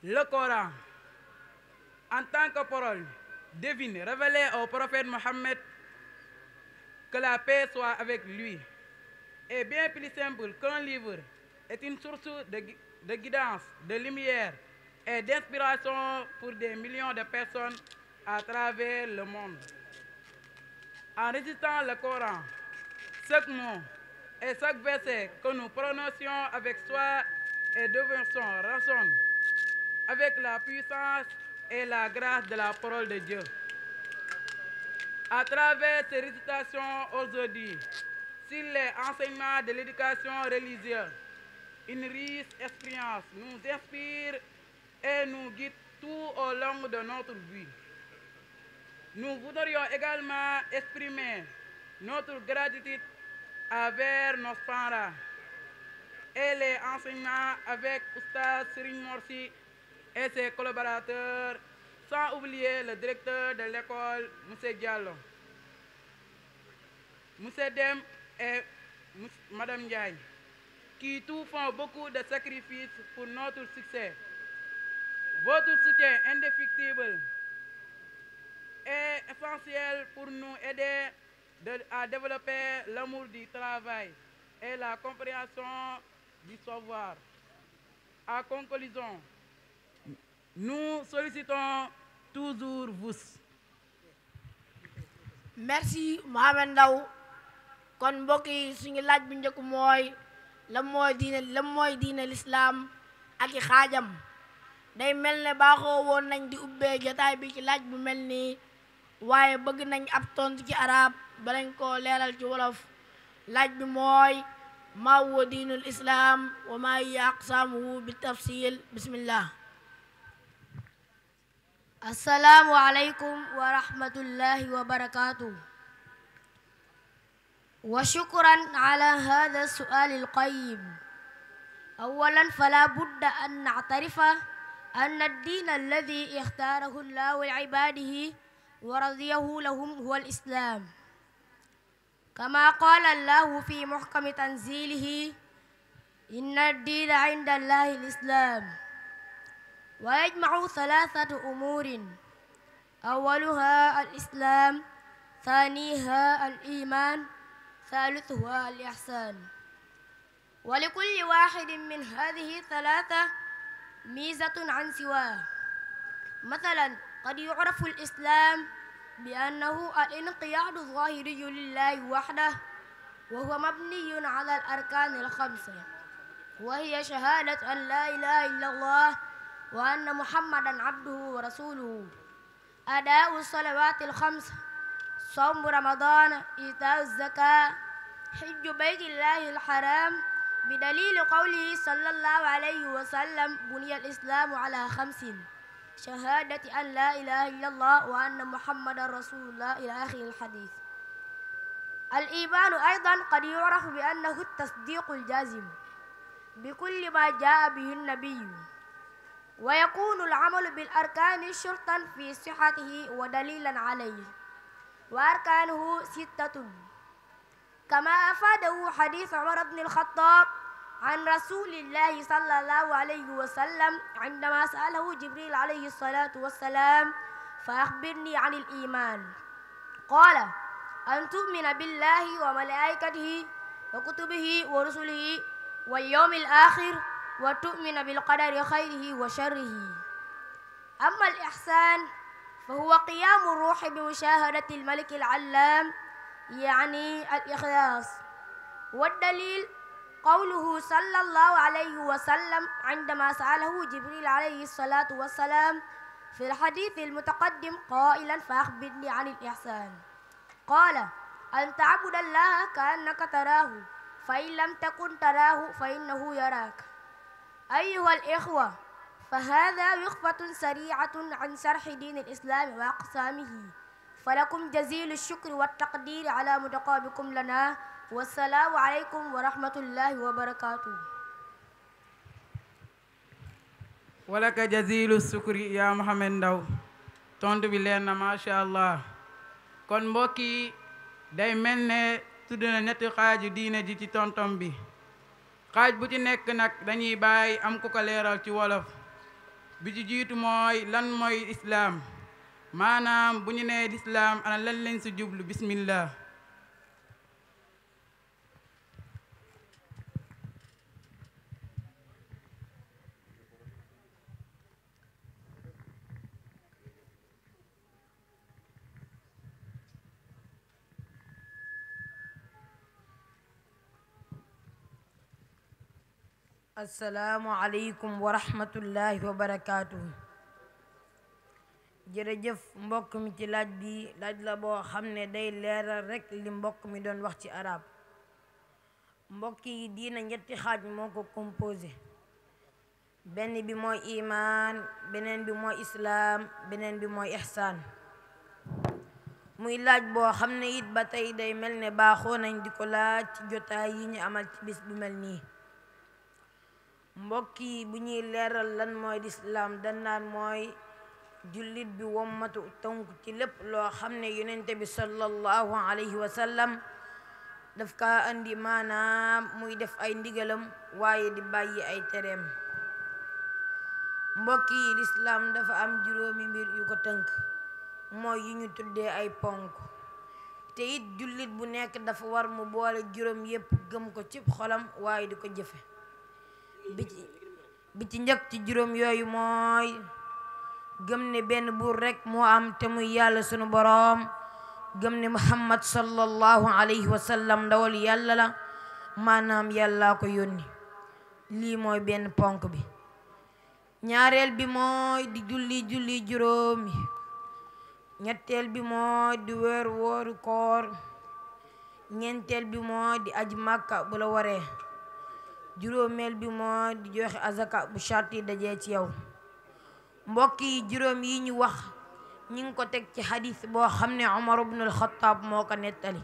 Le Coran, en tant que parole divine révélée au prophète Mohammed, que la paix soit avec lui, est bien plus simple qu'un livre, est une source de, de guidance, de lumière et d'inspiration pour des millions de personnes à travers le monde. en récitant le Coran, chaque mot et chaque verset que nous prononcions avec soi et devenons rançon avec la puissance et la grâce de la parole de Dieu. À travers ces récitations aujourd'hui, sur les enseignements de l'éducation religieuse, une riche expérience nous inspire et nous guide tout au long de notre vie. Nous voudrions également exprimer notre gratitude envers nos parents et les enseignants avec Oustaz Serigne et ses collaborateurs, sans oublier le directeur de l'école, M. Diallo, M. Dem et Mme Ndiaye, qui tout font beaucoup de sacrifices pour notre succès. Votre soutien indéfectible est essentiel pour nous aider à développe l'amour du travail et la compréhension du savoir. À conclusion, nous sollicitons toujours vous. merci Mohamed Ndaw kon mbokk yi suñu laaj bu njëkk mooy la mooy diine lan mooy diine lislaam ak i xaajam day mel ne baaxoo woon nañ di ubbee jotaay bi ci laaj bu mel nii waaye bëgg nañ ab tontu ci arab balañ koo leeral ci wolof laaj bi mooy ma huwa diinul islaam wa ma hiya aqsaamuhu bi tafsil bismillah assalaamu aleykum wa rahmatullahi wa barakaatuh wa shukran ala hada sual alqayim awalan fala budda an nactarifa an addiin alladi ixtaarahu llahu libaadihi ورضيه لهم هو الإسلام كما قال الله في محكم تنزيله إن الدين عند الله الإسلام ويجمع ثلاثة أمور أولها الإسلام ثانيها الإيمان ثالثها الإحسان ولكل واحد من هذه الثلاثة ميزة عن سواه مثلا قد يعرف الإسلام بأنه الانقياد الظاهري لله وحده وهو مبني على الأركان الخمسة وهي شهادة أن لا إله إلا الله وأن محمدا عبده ورسوله أداء الصلوات الخمس صوم رمضان إيتاء الزكاة حج بيت الله الحرام بدليل قوله صلى الله عليه وسلم بني الإسلام على خمس shahadati an laa ilaha illa allah wa anna muhammadan rasulullah ila axiri alxadis alimaanu aydan qad yurafu bi annahu tasdiqu aljazim bikulli ma jaa bihi nnabiyu wa yakunu alamalu bilarkaani shurtan fi sixatihi wa dalilan alayhi wa arkaanuhu sittatun kama afaadahu xadis umar bni alxataab عن رسول الله صلى الله عليه وسلم عندما سأله جبريل عليه الصلاة والسلام فأخبرني عن الإيمان قال أن تؤمن بالله وملائكته وكتبه ورسله واليوم الآخر وتؤمن بالقدر خيره وشره أما الإحسان فهو قيام الروح بمشاهدة الملك العلام يعني الإخلاص والدليل قوله صلى الله عليه وسلم عندما سأله جبريل عليه الصلاة والسلام في الحديث المتقدم قائلا فأخبرني عن الإحسان قال أن تعبد الله كأنك تراه فإن لم تكن تراه فإنه يراك أيها الإخوة فهذا وقفة سريعة عن شرح دين الإسلام وأقسامه فلكم جزيل الشكر والتقدير على متقابكم لنا wasalaamu aleykum wa rahmatullahi wa barakaatuhu walaka yaa Mohamed Ndaw tontu bi leen na macha allah kon mbokk yi day mel ne tudd na ñetti xaaju diine ji ci tontom bi xaaj bu ci nekk nag dañuy bàyyi am ku ko leeral ci wolof bi ci jiitu mooy lan mooy islaam maanaam bu ñu nee lislaam ana lan si jublu bismillah asalaamualeykum wa rahmatullahi wa barakaatuhu jërëjëf mbokk mi ci laaj bi laaj la boo xam ne day leeral rekk li mbokk mi doon wax ci arab mbokk yi diina ñetti xaaj moo ko composé benn bi mooy imaan beneen bi mooy islaam beneen bi mooy ihsaan muy laaj boo xam ne it ba tey day mel ne baaxoo nañ di ko laaj ci jotaay yi ñu amal ci bis bu mel nii mbokk yi bu ñuy leeral lan mooy lislaam danaan mooy jullit bi wommatu tënk ci lépp loo xam ne yonente bi sallallahu alayhi wa sallam daf kaa andi maanaam muy def ay ndigalam waaye di bàyyi ay tereem mbokk yi lislaam dafa am juróomi mbir yu ko tënk mooy yu ñu tuddee ay ponk te it jullit bu nekk dafa war mu boole juróom yépp gëm ko ci xolam waaye di ko jëfe bi ci njëkk ci juróom yooyu mooy gëm ne benn buur rekk moo am te muy yàlla sunu boroom gëm ne muhammad sallallahu alayhi wa sallam ndawal yàlla la maanaam yàlla ko yónni lii mooy benn ponk bi ñaareel bi mooy di julli julli ñetteel bi mooy di weer wooru koor ñeenteel bi mooy di aji màkka bu la waree juróomeel bi moo di joxe azaka bu charte yi dajee ci yow mbokk juróom yi ñu wax ñi ngi ko teg ci xadis boo xam ne Omar ibn al-Khattab moo ko nettali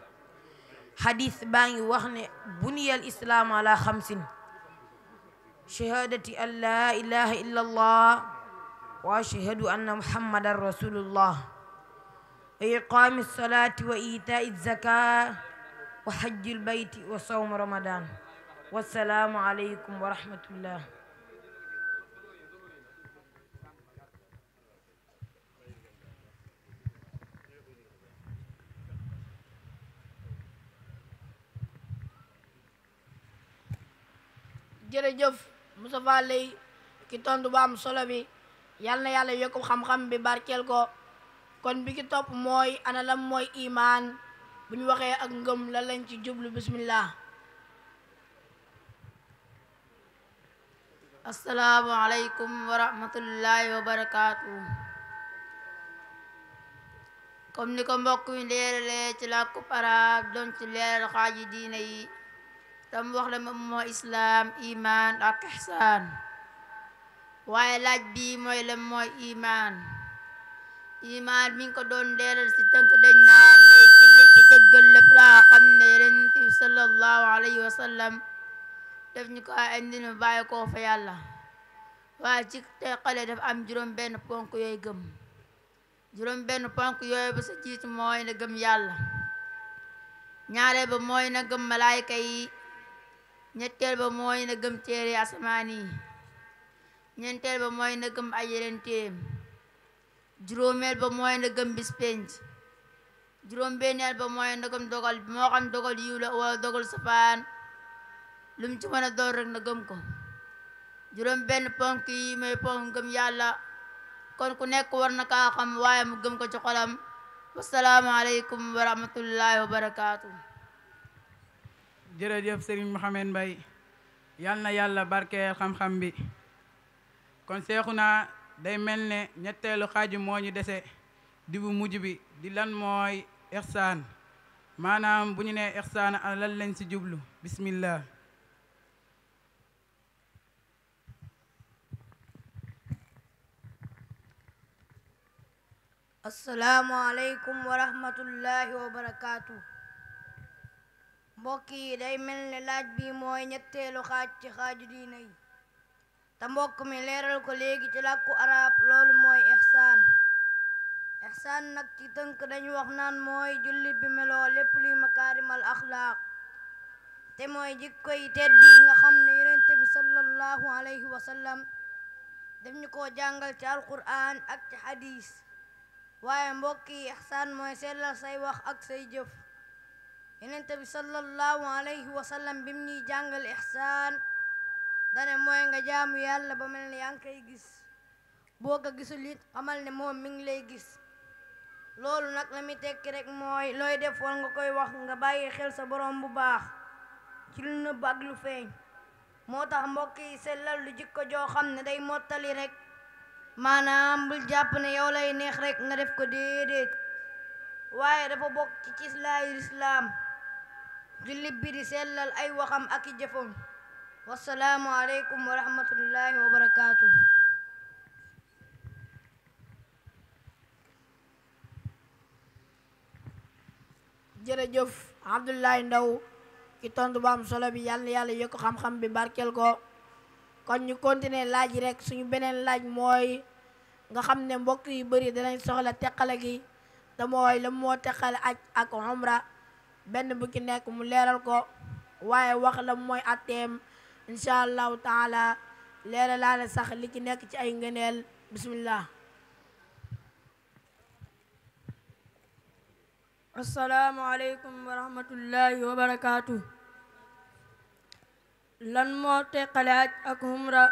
xadis baa ngi wax ne buniyal islaam ala xamsin shahaadati an laa ilaha illa allah wa ashhadu anna muhammadan rasulullah wa iqaami salaati wa itaai zaka wa xajjul bayti wa sawm ramadan wasalaamu aleykum wa rahmatullah jërëjëf Moustapha Lay ki tontu ba am solo bi yal na yàlla yokku xam bi barkeel ko kon bi ki topp mooy ana lan mooy imaan bu ñu waxee ak ngëm lan lañ ci jublu bismillah assalaamu aleykum wa rahmatullahi wa barakaatu comme ni ko mbokk mi leeralee ci làkku araab doon ci leeral xaaji diine yi tam wax la moom moo islaam imaan ak ihsaan waaye laaj bi mooy la mooy imaan imaan mi ngi ko doon leeral ci tënk dañ naan mooy julli di dëggal lépp laa xam ne yonent bi sallallahu alayhi wa sallam def ñu ko ah, indi nu bàyyi koo fa yàlla waaye ci teqale daf am juróom benn ponk yooyu gëm juróom ba sa jiitu mooy na gëm yàlla ñaareel ba mooy na gëm malaayka yi ñetteel ba mooy na gëm téere asamaan yi ñeenteel ba mooy na gëm ay yenenteem juróomeel ba mooy na gëm bis juróom benneel ba mooy na gëm dogal moo xam dogal yiw la dogal safaan lu mu ci mën a door rek na gëm ko juróom benn ponk yi may ponk gëm yàlla kon ku nekk war na kaa xam waaye mu gëm ko ci xolam wasalaamaaleykum wa rahmatullahi wa barakaatu jërëjëf Serigne Mohamed Mbaye yal na yàlla barkeel xam-xam bi kon seexu naa day mel ne ñetteelu xaaju moo ñu dese di bu mujj bi di lan mooy ixsaan maanaam bu ñu nee ixsaan lan lañ ci jublu bismillah asalaamualeykum wa rahmatullahi wa barakaatu mbokk yi day mel ne laaj bi mooy ñetteelu xaaj ci xaaju diina yi te mbokk mi leeral ko léegi ci lakku arab loolu mooy ixsaan ixsaan nag ci tënk dañu wax naan mooy jullit bi meloo lépp luy makaarimal axlaaq te mooy jikko yi tedd nga xam ne yonent bi sallallahu alayhi wa sallam daf ñu koo jàngal ci alquran ak ci hadis waaye mbokk yi ixsaan mooy sellal say wax ak say jëf Yonent bi sallallahu alayhi wa sallam bim ñuy jàngal ixsaan dane mooy nga jaamu yàlla ba mel ne yaa gis boo ko gisul it xamal ne moom mi ngi lay gis loolu nag la mi tekki rek mooy looy def wal nga koy wax nga bàyyi xel sa borom bu baax ci lu nëbb ak lu feeñ moo tax mbokk yi sellal lu jikko joo xam ne day mottali rek maanaam bul jàpp ne yow lay neex rek nga def ko déedéet waaye dafa bokk ci cislaayu lislaam jullit bi di sellal ay waxam ak i jëfam wasalaamu aleykum wa rahmatullahi wa barakaatu jërëjëf Abdoulaye Ndaw ci tontu bu solo bi yàlla yàlla yokk xam-xam bi barkeel ko kon ñu continuer laaj rek suñu beneen laaj mooy nga xam ne mbokk yu bëri danañ soxla teqale gi te mooy la moo teqale aj ak umra benn bu ci nekk mu leeral ko waaye wax la mooy atteem incha allahu taala leeral laa la sax li ki nekk ci ay ngëneel bismillah assalaamu aleykum wa wa barakaatu lan moo teqale aj ak umra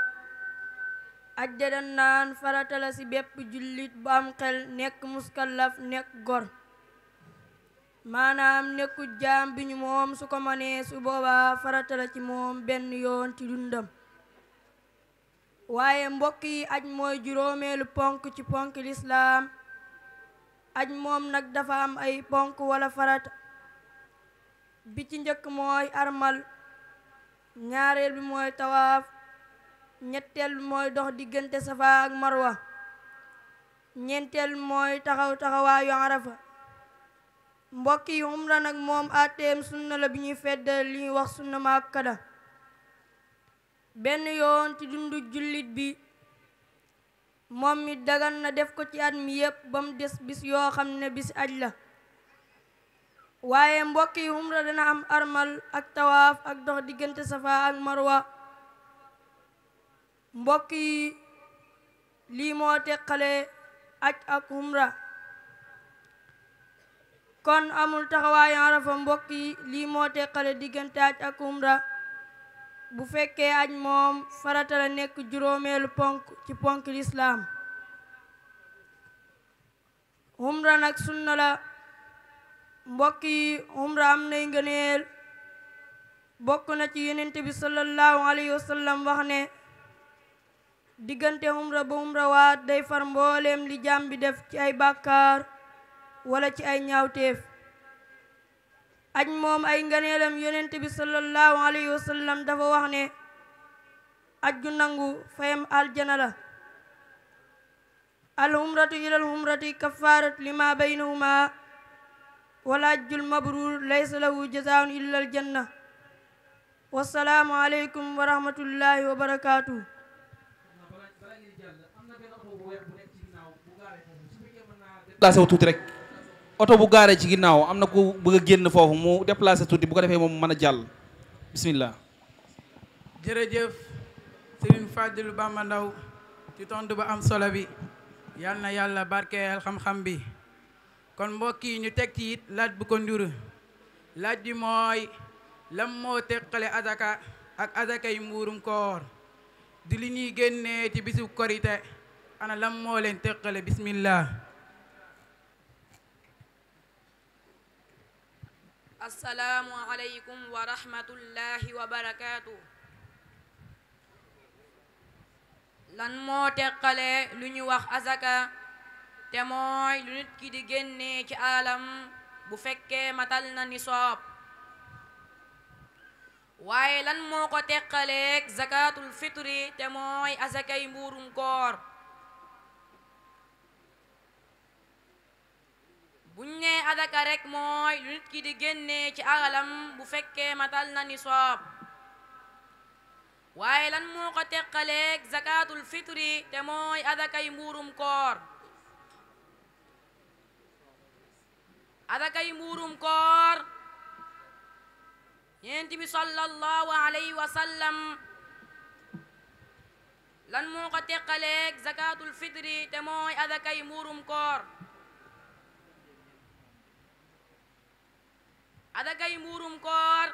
ajja da naan farata ci bépp jullit bu am xel nekk muskallaf nekk gor maanaam nekku jaam bi ñu moom su ko manee su booba farata ci moom benn yoon ci dundam waaye mbokk yi aj mooy juróomeelu ponk ci ponk lislaam aj moom nag dafa am ay ponk walla farat bi ci njëkk mooy armal ñaareel bi mooy tawaaf ñetteel mooy dox diggante safa ak marwa ñeenteel mooy taxaw taxawaayu arafa mbokk yi umra nag moom atteem sunna la bi ñuy fedd li ñuy wax sunna muakkada benn yoon ci dundu jullit bi moom mi dagan na def ko ci at mi yépp ba mu des bis yoo xam ne bis aj la waaye mbokk yi umra dana am armal ak tawaaf ak dox diggante safa ak marwa mbokk yi lii moo teqale aj ak umra kon amul taxawaay arafa mbokk yi lii moo teqale diggante aj ak umra bu fekkee aj moom farata la nekk juróomeelu ponk ci ponk lislaam umra nag sunna la mbokk yi umra am nay ngëneel bokk na ci yonent bi sallallahu alayhi wa wax ne diggante umra ba umrawaat day far mboolem li jaam bi def ci ay bàkkaar wala ci ay ñaawteef aj moom ay nganeelam yonent bi sallallahu alayhi wa dafa wax ne aj gu nangu fayam aljana la al humratu ila al humrati kafarat lima baynahuma wal ajjul mabruur laysa lahu jazaun illa janna wassalaamu aleykum wa rahmatullahi déplacé wu tuuti rek oto bu gaaree ci ginnaaw am na ko bëgg a génn foofu mu déplacé tuuti bu ko defee moom mën a jàll bismillah jërëjëf Serigne Fadilou Bamba Ndaw ci tontu bu am solo bi yal na yàlla barkeel xam-xam bi kon mbokk yi ñu teg ci it laaj bu ko njur laaj bi mooy lam moo teqale azaka ak azaka yi mbuurum koor di li ñuy génne ci bisu korite ana lan moo leen teqale bismillah asalaamu aleykum wa rahmatullahi wa barakaatu lan moo teqale lu ñu wax azaka te mooy lu nit ki di génnee ci alam bu fekke matal na nisaab waaye lan moo ko teqaleeg zakatul fitri te mooy azakay mbuurum koor buñ ne adaka rek mooy lu nit di génnee ci alalam bu fekkee matal na nisaab waaye lan moo ko teqaleeg zakatul fitri te mooy adakay mbuurum koor koor yonent bi sallallahu alayhi lan moo ko teqaleeg zakatul fitri te mooy adakay mbuurum koor ada kay mbuurum koor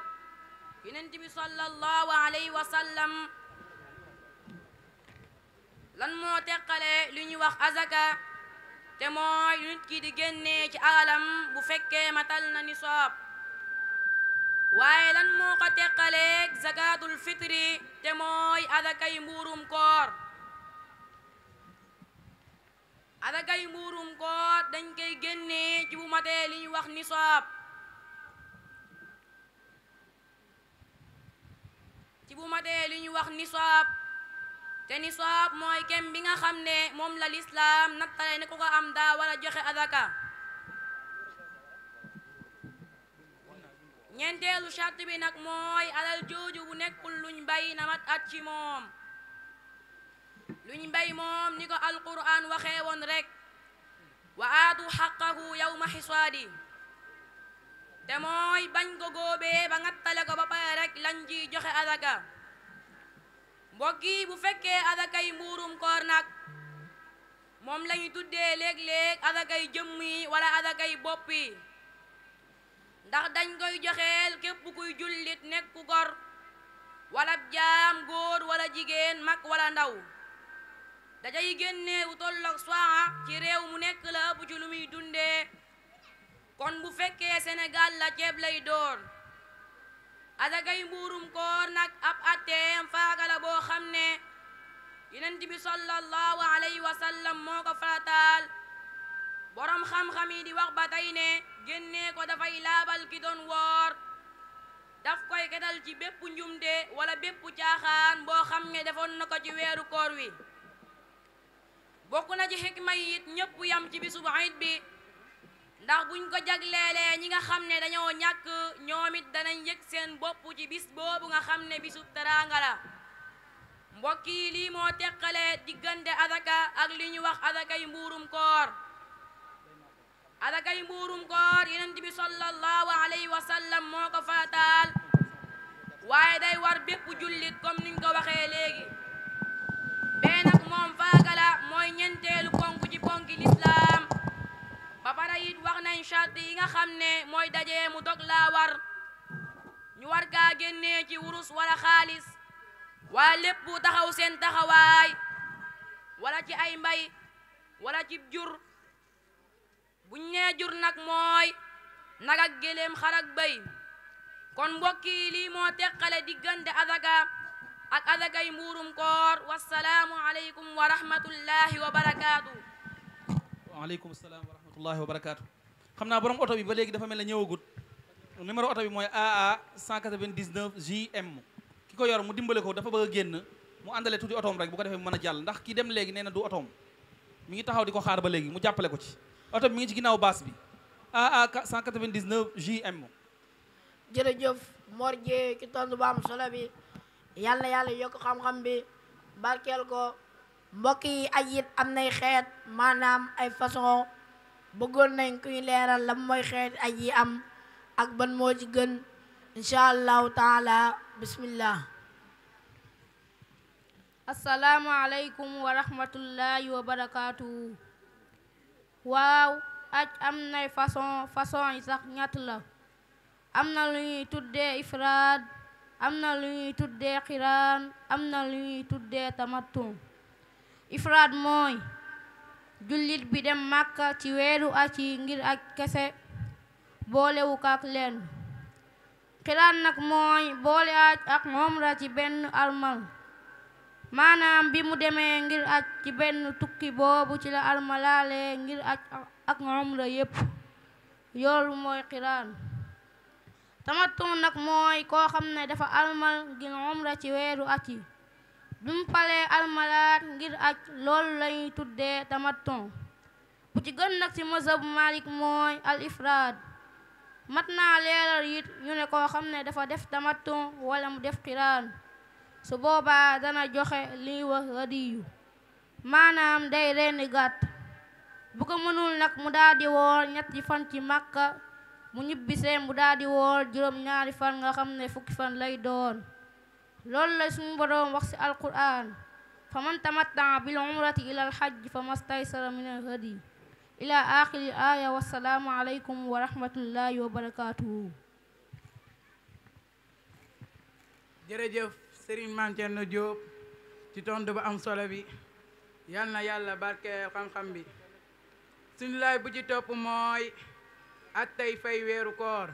yonent bi sallallahu alayhi wa sallam lan moo teqale li ñuy wax azaka te mooy nit ki di génnee ci alalam bu fekkee matal nisaab waaye lan moo ko teqaleeg zakatul fitri te mooy azakay mbuurum koor azakay mbuurum koor dañ koy génnee ci bu matee li ñuy nisaab ci bu ma dee li ñu wax nisaab te nisaab mooy kem bi nga xam ne moom la lislaam nattale ne ku ko am daa war a joxe azaka ñeenteelu chart bi nag mooy alal jooju bu nekkul luñ bay na mat at ci moom luñ bay moom ni ko alquran waxee woon rek wa aatu xaqahu yawma xisaadi te bañ ko góobee ba ngattale ko ba pare rek lañ ji joxe adaka mbokk yi bu fekkee adakay mbuurum koor nag moom lañu tuddee léeg-léeg adakay jëmm yi wala adakay bopp yi ndax dañ koy joxeel képp kuy jullit nekk gor wala jaam góor wala jigéen mag wala ndaw dajay génnee wu tolloog soa ci réew mu nekk la ëpp lu muy dundee kon bu fekkee Sénégal la ceeb lay door asakay mbuurum koor nag ab atteem faaga boo xam ne yeneen bi sallallahu alayhi wa sallam moo ko farataal boroom xam-xam yi di wax ba tey ne génnee ko dafay laabal ki doon woor daf koy ketal ci bépp njumte wala bépp caaxaan boo xam ne defoon na ko ci weeru koor wi bokk na ci xikma yi it ñépp yam ci bisub ayit bi ndax buñ ko jagleelee ñi nga xam ne dañoo ñàkk ñoomit it danañ yëg seen bopp ci bis boobu nga xam ne bisub teraanga la yi lii moo teqale diggante adaka ak li ñu wax adakay yu koor adakay mbuurum koor yonent bi sallallahu alayhi wa sallam moo ko faataal waaye day war bépp jullit comme niñ ko waxee léegi bee nag moom faagala mooy ñeenteelu ponk ci ponki lislaam ba pare it wax nañ charte yi nga xam ne mooy dajee mu dog laa war ñu war kaa génnee ci wurus wala xaalis waa lépp bu taxaw seen taxawaay wala ci ay mbay wala ci jur bu nee jur nag mooy nag ak géléem xar kon mbokk yi lii moo teqale diggante azaka ak azakay mbuurum koor wassalaamu aleykum wa rahmatullahi wa barakaatu. rahmatullahi xam naa borom oto bi ba léegi dafa mel ne ñëwagut numéro oto bi mooy AA 199 JM ki ko yor mu dimbale ko dafa bëgg a génn mu àndale tuuti otoom rek bu ko defee mu mën jàll ndax ki dem léegi nee na du otoom mi ngi taxaw di ko xaar ba léegi mu jàppale ko ci oto bi mi ngi ci ginnaaw baas bi AA 199 JM. jërëjëf Mor ki tontu bu am solo bi yàlla yàlla yokk xam-xam bi barkeel ko mbokk yi ay it am nay xeet maanaam ay façon. bëggoon nañ kuy leeral lan mooy xeet aj yi am ak ban moo ci gën incha allahu taala bismillah asalaamu aleykum wa rahmatullahi waaw aj am nay façon façon yi sax ñett la am na lu ñuy tuddee ifraad am na lu ñuy tuddee xiraan am na lu ñuy tuddee tamattu ifraad mooy jullit bi dem màkka ci weeru at yi ngir ak kese boolewuk ak lenn xiraan nag mooy boole aj ak umra ci benn armal maanaam bi mu demee ngir aj ci benn tukki boobu ci la armalaalee ngir aj ak umra yépp yoolu mooy xiraan tamattu nag mooy koo xam ne dafa armal ngir umra ci weeru at yi bi mu palee ngir aj loolu lañuy tuddee tamaton bu ci gën nag ci mazhabu Malik mooy al ifraad mat naa leeral it ñu ne koo xam ne dafa def tamaton wala mu def xiraan su boobaa dana joxe li wax radiyu maanaam day rendi gàtt bu ko mënul nag mu daldi woor ñetti fan ci màkka mu ñibbisee mu daldi woor juróom ñaari fan nga xam ne fukki fan lay doon loolu la suñu boroom wax ci alquran fa man tamatta bil umrati ila alxajj fa mastaysara min alhadi ila axiri aya wasalaamu aleykum wa rahmatullahi wa bi yal na yàlla barkeel xam-xam bi suñu laay bu ci topp mooy ak tey fay weeru koor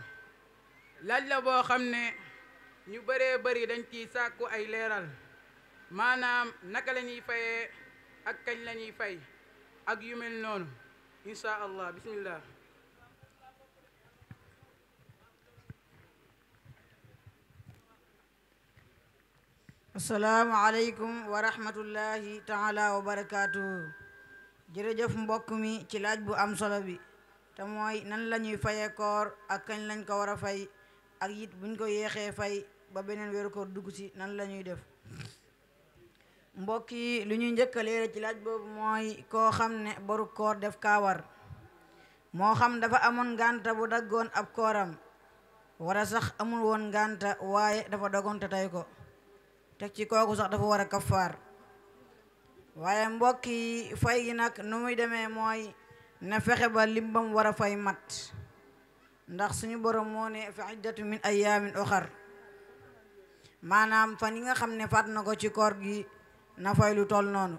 laaj boo xam ne ñu bëree bëri dañ ciy sàkku ay leeral maanaam naka la ñuy ak kañ la fay ak yu mel noonu incha allah bismillah asalaamu aleykum wa rahmatullahi taala wa barakaatuhu jërëjëf mbokk mi ci laaj bu am solo bi te mooy nan lañuy ñuy koor ak kañ lañ ko war a fay ak it buñ ko yéexee fay ba beneen weeru koor dugg si nan la ñuy def mbokk yi lu ñuy njëkk a ci laaj boobu mooy koo xam ne baru koor def kaawar moo xam dafa amoon ngànta bu daggoon ab kooram wala sax amul woon ngànta waaye dafa dogoon te tey ko teg ci kooku sax dafa war a kafaar waaye mbokk yi fay gi nag nu muy demee mooy na fexe ba limbam war a fay mat ndax suñu borom moo ne fa iddatu min ayaamin oxar maanaam fan yi nga xam ne faat na ko ci koor gi na fay lu toll noonu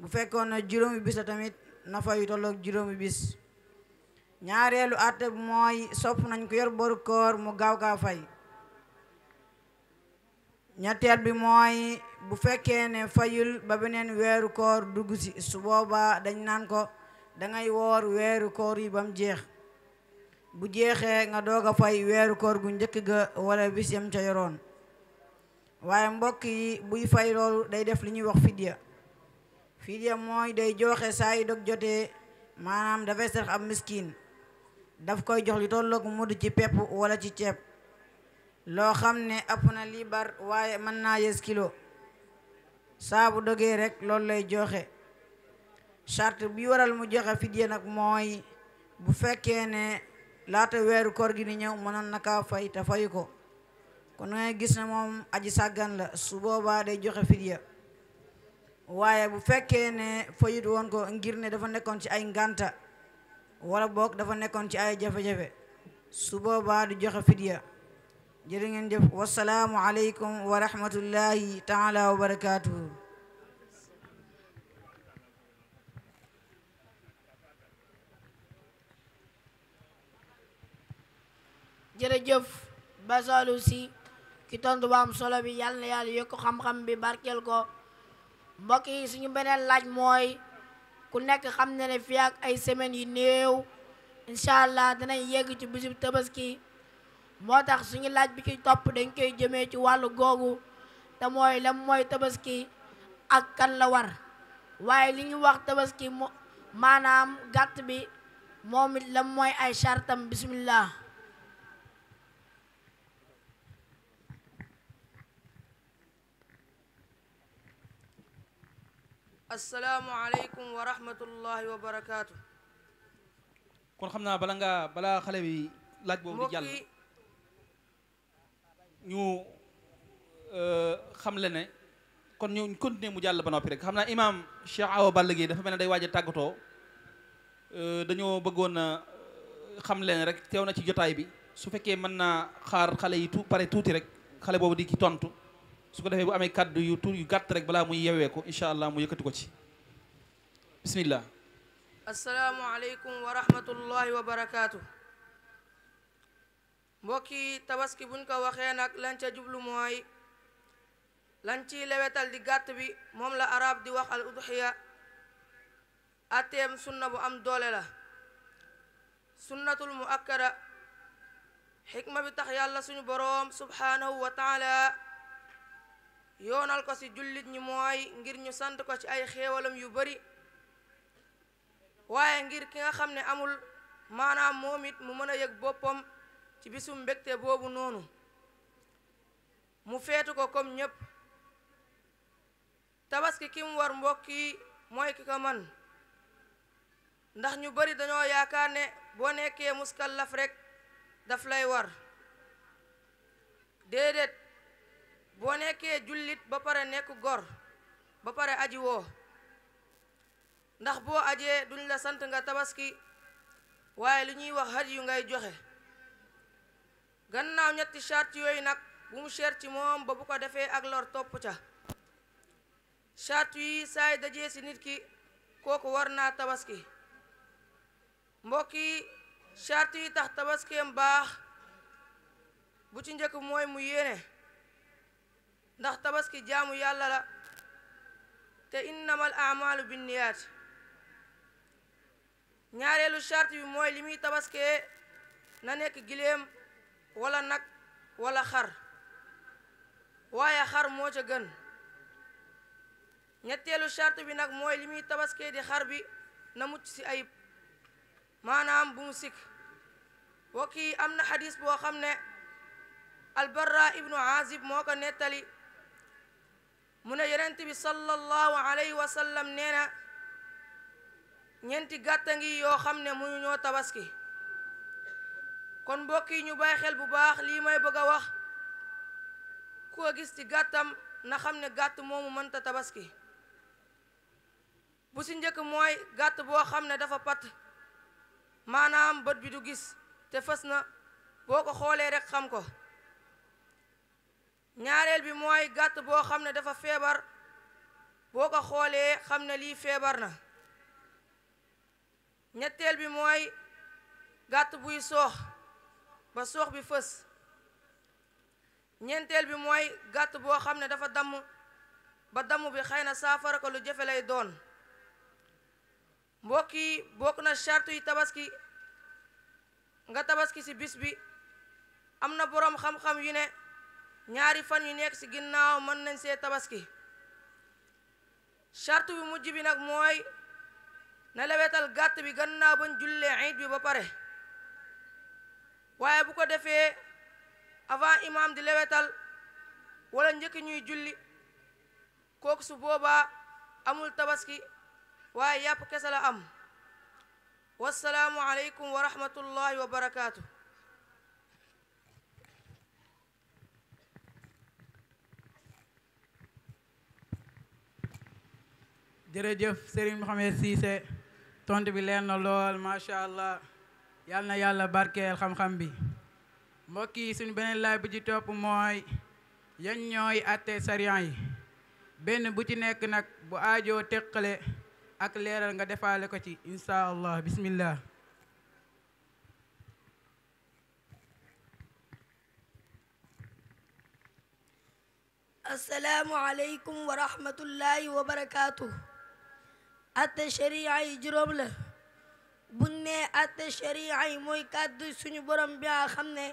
bu fekkoon na juróomi bis la tamit na fay lu juróomi bis ñaareelu àtte bi mooy sopp nañ ko yor boru koor mu gaaw kaa fay ñetteel bi mooy bu fekkee ne fayul ba beneen weeru koor dugg si su boobaa dañ naan ko dangay woor weeru koor yi ba mu jeex bu jeexee nga doog a fay weeru koor gu njëkk ga wala bis yam ca yoroon waaye mbokk yi buy fay loolu day def li ñuy wax fidya fidya mooy day joxe saa yi dog jotee maanaam dafay sax am miskin daf koy jox li tolloog mudd ci pepp wala ci ceeb loo xam ne ëpp na liibar waaye mën naa yes kilo saa bu dogee rek loolu lay joxe chart bi waral mu joxe fidya nag mooy bu fekkee ne laata weeru koor gi ni ñëw mënoon na kaa fay te fayu ko kon ngay gis na moom aji sàggan la su boobaa day joxe fidya waaye bu fekkee ne fayut woon ko ngir ne dafa nekkoon ci ay ngànta wala boog dafa nekkoon ci ay jafe-jafe su boobaa du joxe fidya jërë ngeen jëf wasalaamu aleykum wa rahmatullahi taala wa basalu si ci tontu bu am solo bi yàlla na yàlla yokk xam-xam bi barkeel ko mbokk yi suñu beneen laaj mooy ku nekk xam ne ne fii ak ay semaines yu néew incha allah dinañ yegg ci bisub tabaski moo tax suñu laaj bi ci topp dañ koy jëmee ci wàll googu te mooy la mooy tabaski ak kan la war waaye li ñu wax tabaski mu maanaam gàtt bi moom it lan mooy ay chartam bismillah asalaamu aleykum wa rahmatullahi wa barakaatu. kon xam naa bala nga balaa xale bi laaj boobu di jàll ñu euh, xam le ne kon ñu continuer mu jàll ba noppi rek xam naa imaam Cheikh Awa Balla Gueye dafa mel ne day waaj a tàggatoo euh, dañoo bëggoon a euh, xam leen rek teew na ci jotaay bi su fekkee mën naa xaar xale yi tu pare tuuti rek xale boobu di ki tontu su ko defee bu amee kàddu yu tuur yu gàtt rek balaa muy yewee ko incha allah mu yëkkati ko ci bismillah asalaamualeykum wa rahmatullahi wa barakaatu. mbokki tabaski buñ ko waxee nag lan ca jublu mooy lan ciy lewetal di gàtt bi moom la arab di wax al udxiya ateem sunna bu am doole la sunnatul muakkada xikma bi tax yàlla suñu boroom subhaanahu wa taala yoonal ko ci jullit ñi mooy ngir ñu sant ko ci ay xéewalam yu bari waaye ngir ki nga xam ne amul maanaam moom it mu mën a yëg boppam ci bisum mbégte boobu noonu mu feetu ko comme ñépp tabaski ki mu war mbokk yi mooy ki ko man ndax ñu bari dañoo yaakaar ne boo nekkee muskallaf rekk daf lay war déedéet boo nekkee jullit ba pare nekk gor ba pare aji woo ndax boo ajee duñ la sant nga tabaski waaye li ñuy wax xaj yu ngay joxe gannaaw ñetti charte yooyu nag bu mu cher ci moom ba bu ko defee ak lor topp ca charte yi saay dajee si nit ki kooku war naa tabaski mbokk yi yi tax tabaskeem baax bu ci njëkk mooy mu yéene ndax tabaski jaamu yàlla la te innamal amalu binniyaat ñaareelu charte bi mooy li muy tabaskee na nekk giléem walla nag wala xar waaye xar moo ca gën ñetteelu charte bi nag mooy li muy tabaskee di xar bi na mucc si ayib maanaam bu mu sikk wokk am na xadis boo xam ne albarra ibnu azib moo ko nettali mu ne yonent bi sallallahu alayhi wa sallam nee na ñeenti gàtta ngi yoo xam ne munu ñoo tabaski kon mbokk yi ñu bàyyi xel bu baax lii may bëgg a wax ku ko gis ci gàttam na xam ne gàtt moomu mënta tabaski bu si njëkk mooy gàtt boo xam ne dafa pat maanaam bët bi du gis te fës na boo ko xoolee rek xam ko ñaareel bi mooy gàtt boo xam ne dafa feebar boo ko xoolee xam ne lii feebar na ñetteel bi mooy gàtt buy soox ba soox bi fës ñeenteel bi mooy gàtt boo xam ne dafa damm ba damm bi xëy na saafara ko lu jafe lay doon mbokk yi bokk na charte yi tabaski nga tabaski ci bis bi am na boroom xam-xam yu ne ñaari fan yu nekk ci ginnaaw mën nañ see tabaski charte bi mujj bi nag mooy na lewetal gàtt bi gannaaw bañ jullee iid bi ba pare waaye bu ko defee avant imam di lewetal wala njëkk ñuy julli kooku su boobaa amul tabaski waaye yàpp kese la am wasalaamu aleykum wa rahmatullahi wa barakaatu jërëjëf Serigne Mohamed Cissé tontu bi leer na lool macha allah yal na yàlla barkeel xam-xam bi mbokk yi suñu beneen laaj bu ci topp mooy yan ñooy atte sariyan yi benn bu ci nekk nag bu aajoo teqale ak leeral nga defale ko ci insha allah bismillah atte sharia yi juróom la ne atte sharia mooy kàddu suñu borom bi nga xam ne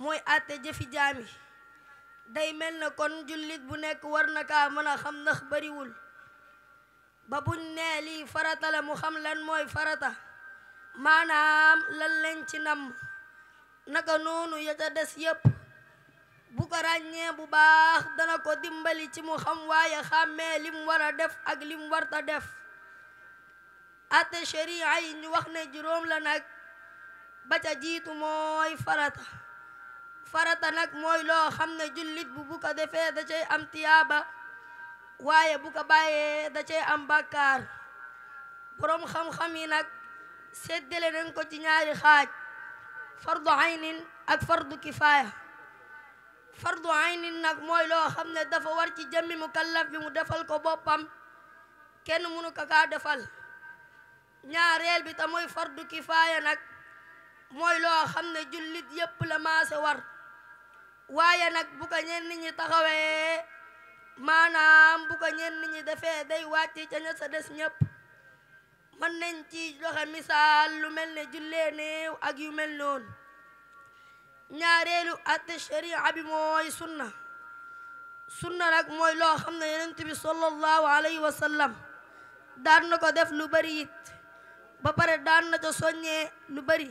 mooy atte jëfi jaami day mel na kon jullit bu nekk war na kaa mën xam ndax bariwul ba buñ ne lii farata la mu xam lan mooy farata maanaam lan lañ ci namm naka noonu ya des yépp bu ko ràññee bu baax dana ko dimbali ci mu xam waaye xàmmee lim war a def ak lim warta def atte shari'a yi ñu wax ne juróom la nag ba ca jiitu mooy farata farata nag mooy loo xam ne jullit bu bu ko defee da cay am tiyaaba waaye bu ko bàyyee da cay am bàkkaar boroom xam-xam yi nag séddale nañ ko ci ñaari xaaj fardu aynin ak fardu kifaaya fardu aynin nag mooy loo xam ne dafa war ci jëmmi mukallaf bi mu defal ko boppam kenn mënu ko kaa defal ñaareel bi te muy fardu kifaaya nag mooy loo xam ne jullit yépp la maase war waaye nag bu ko ñenn ñi taxawee maanaam bu ko ñenn ñi defee day wàcc ca sa des ñépp mën nañ ci joxe misaal lu mel ne jullee ak yu mel noonu ñaareelu atte sharia bi mooy sunna sunna nag mooy loo xam ne yonent bi sallallahu alayhi wa sallam daan ko def lu bari it ba pare daan na ca soññee lu bari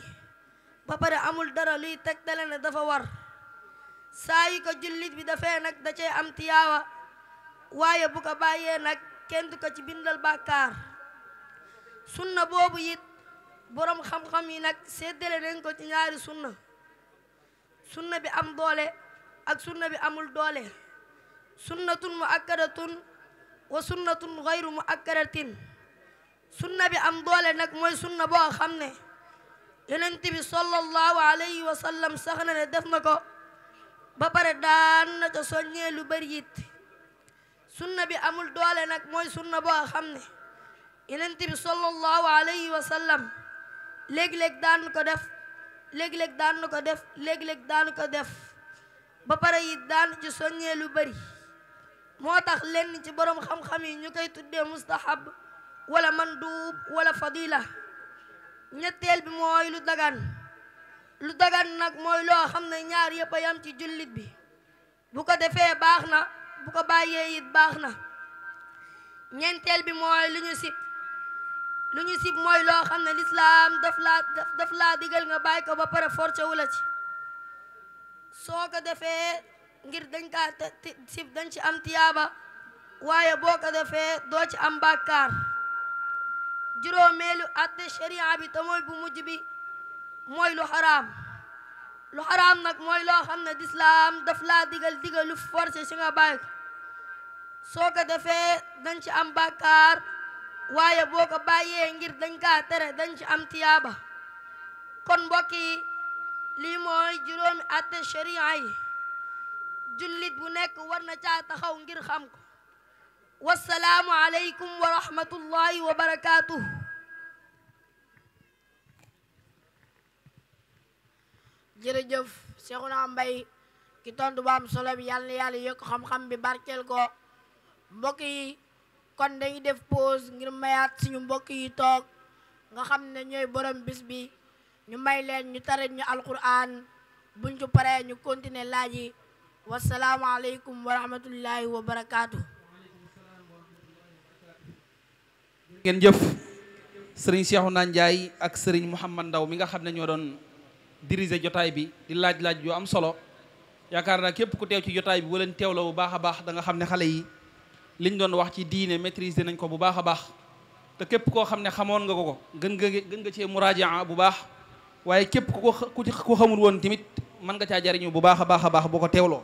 ba pare amul dara luy tegtale ne dafa war saa yi jullit bi dafee nag da cee am tiyaawa waaye bu ko bàyyee nag kenn du ko ci bindal bàkkaar sunna boobu it boroom xam-xam yi nag séddale nañ ko ci ñaari sunna sunna bi am doole ak sunna bi amul doole sunnatun mu akkadatun wa sunnatun xayru mu akkadatin sunna bi am doole nag mooy sunna boo xam ne yonent bi sallallahu alayhi wa sallam sax na def na ko ba pare daan na ca soññee lu bari it sunna bi amul doole nag mooy sunna boo xam ne yonent bi sallallahu alayhi wa sallam léeg-léeg daan ko def léeg-léeg daan ko def léeg-léeg daan ko def ba yit it daan ci soññee lu bari moo tax lenn ci boroom xam-xam yi ñu koy tuddee mustahab wala manduub wala fadila ñetteel bi mooy lu dagan lu dagan nag mooy loo xam ne ñaar yëpp a yam ci jullit bi bu ko defee baax na bu ko bàyyee it baax na ñeenteel bi mooy lu ñu sib lu ñu sib mooy loo xam ne lislaam daf laa daf laa digal nga bàyyi ko ba pare forcé la ci soo ko defee ngir dañ kaa sib dañ ci am tiyaaba waaye boo ko defee doo ci am bàkkaar juróomeelu atte sharia bi te mooy bu mujj bi mooy lu xaraam lu xaraam nag mooy loo xam ne lislaam daf laa digal digal lu forcé si nga bàyyi soo ko defee dañ ci am bàkkaar waaye boo ko bàyyee ngir dañ kaa tere dañ ci am tiyaaba kon mbokk yi lii mooy juróomi atte sharia yi jullit bu nekk war na caa taxaw ngir xam ko wassalaamu aleykum wa rahmatullahi wa barakaatuh jërëjëf Cheikhouna mbay ki tontu bu am solo bi yàlla na yàlla yokk xam-xam bi barkeel ko mbokk yi kon dañuy def pause ngir mayaat suñu mbokk yi toog nga xam ne ñooy borom bis bi ñu may leen ñu tare ñu alquran buñ ci paree ñu continuer laaj yi wasalaamaaleykum wa rahmatullahi wa barakaatu. ngeen jëf sëriñ Cheikhouna Ndiaye ak sëriñ Mouhamad Ndaw mi nga xam ne ñoo doon. diriger jotaay bi di laaj-laaj yu am solo yaakaar naa képp ku teew ci jotaay bi waleen teew bu baax a baax da nga xam ne xale yi liñ doon wax ci diine maîtriser nañ ko bu baax a baax te képp koo xam ne xamoon nga ko ko gën nga gën nga cee muraajaa bu baax waaye képp ku ko ku xamul woon tamit mën nga caa jariñu bu baax a baax a baax boo ko teewloo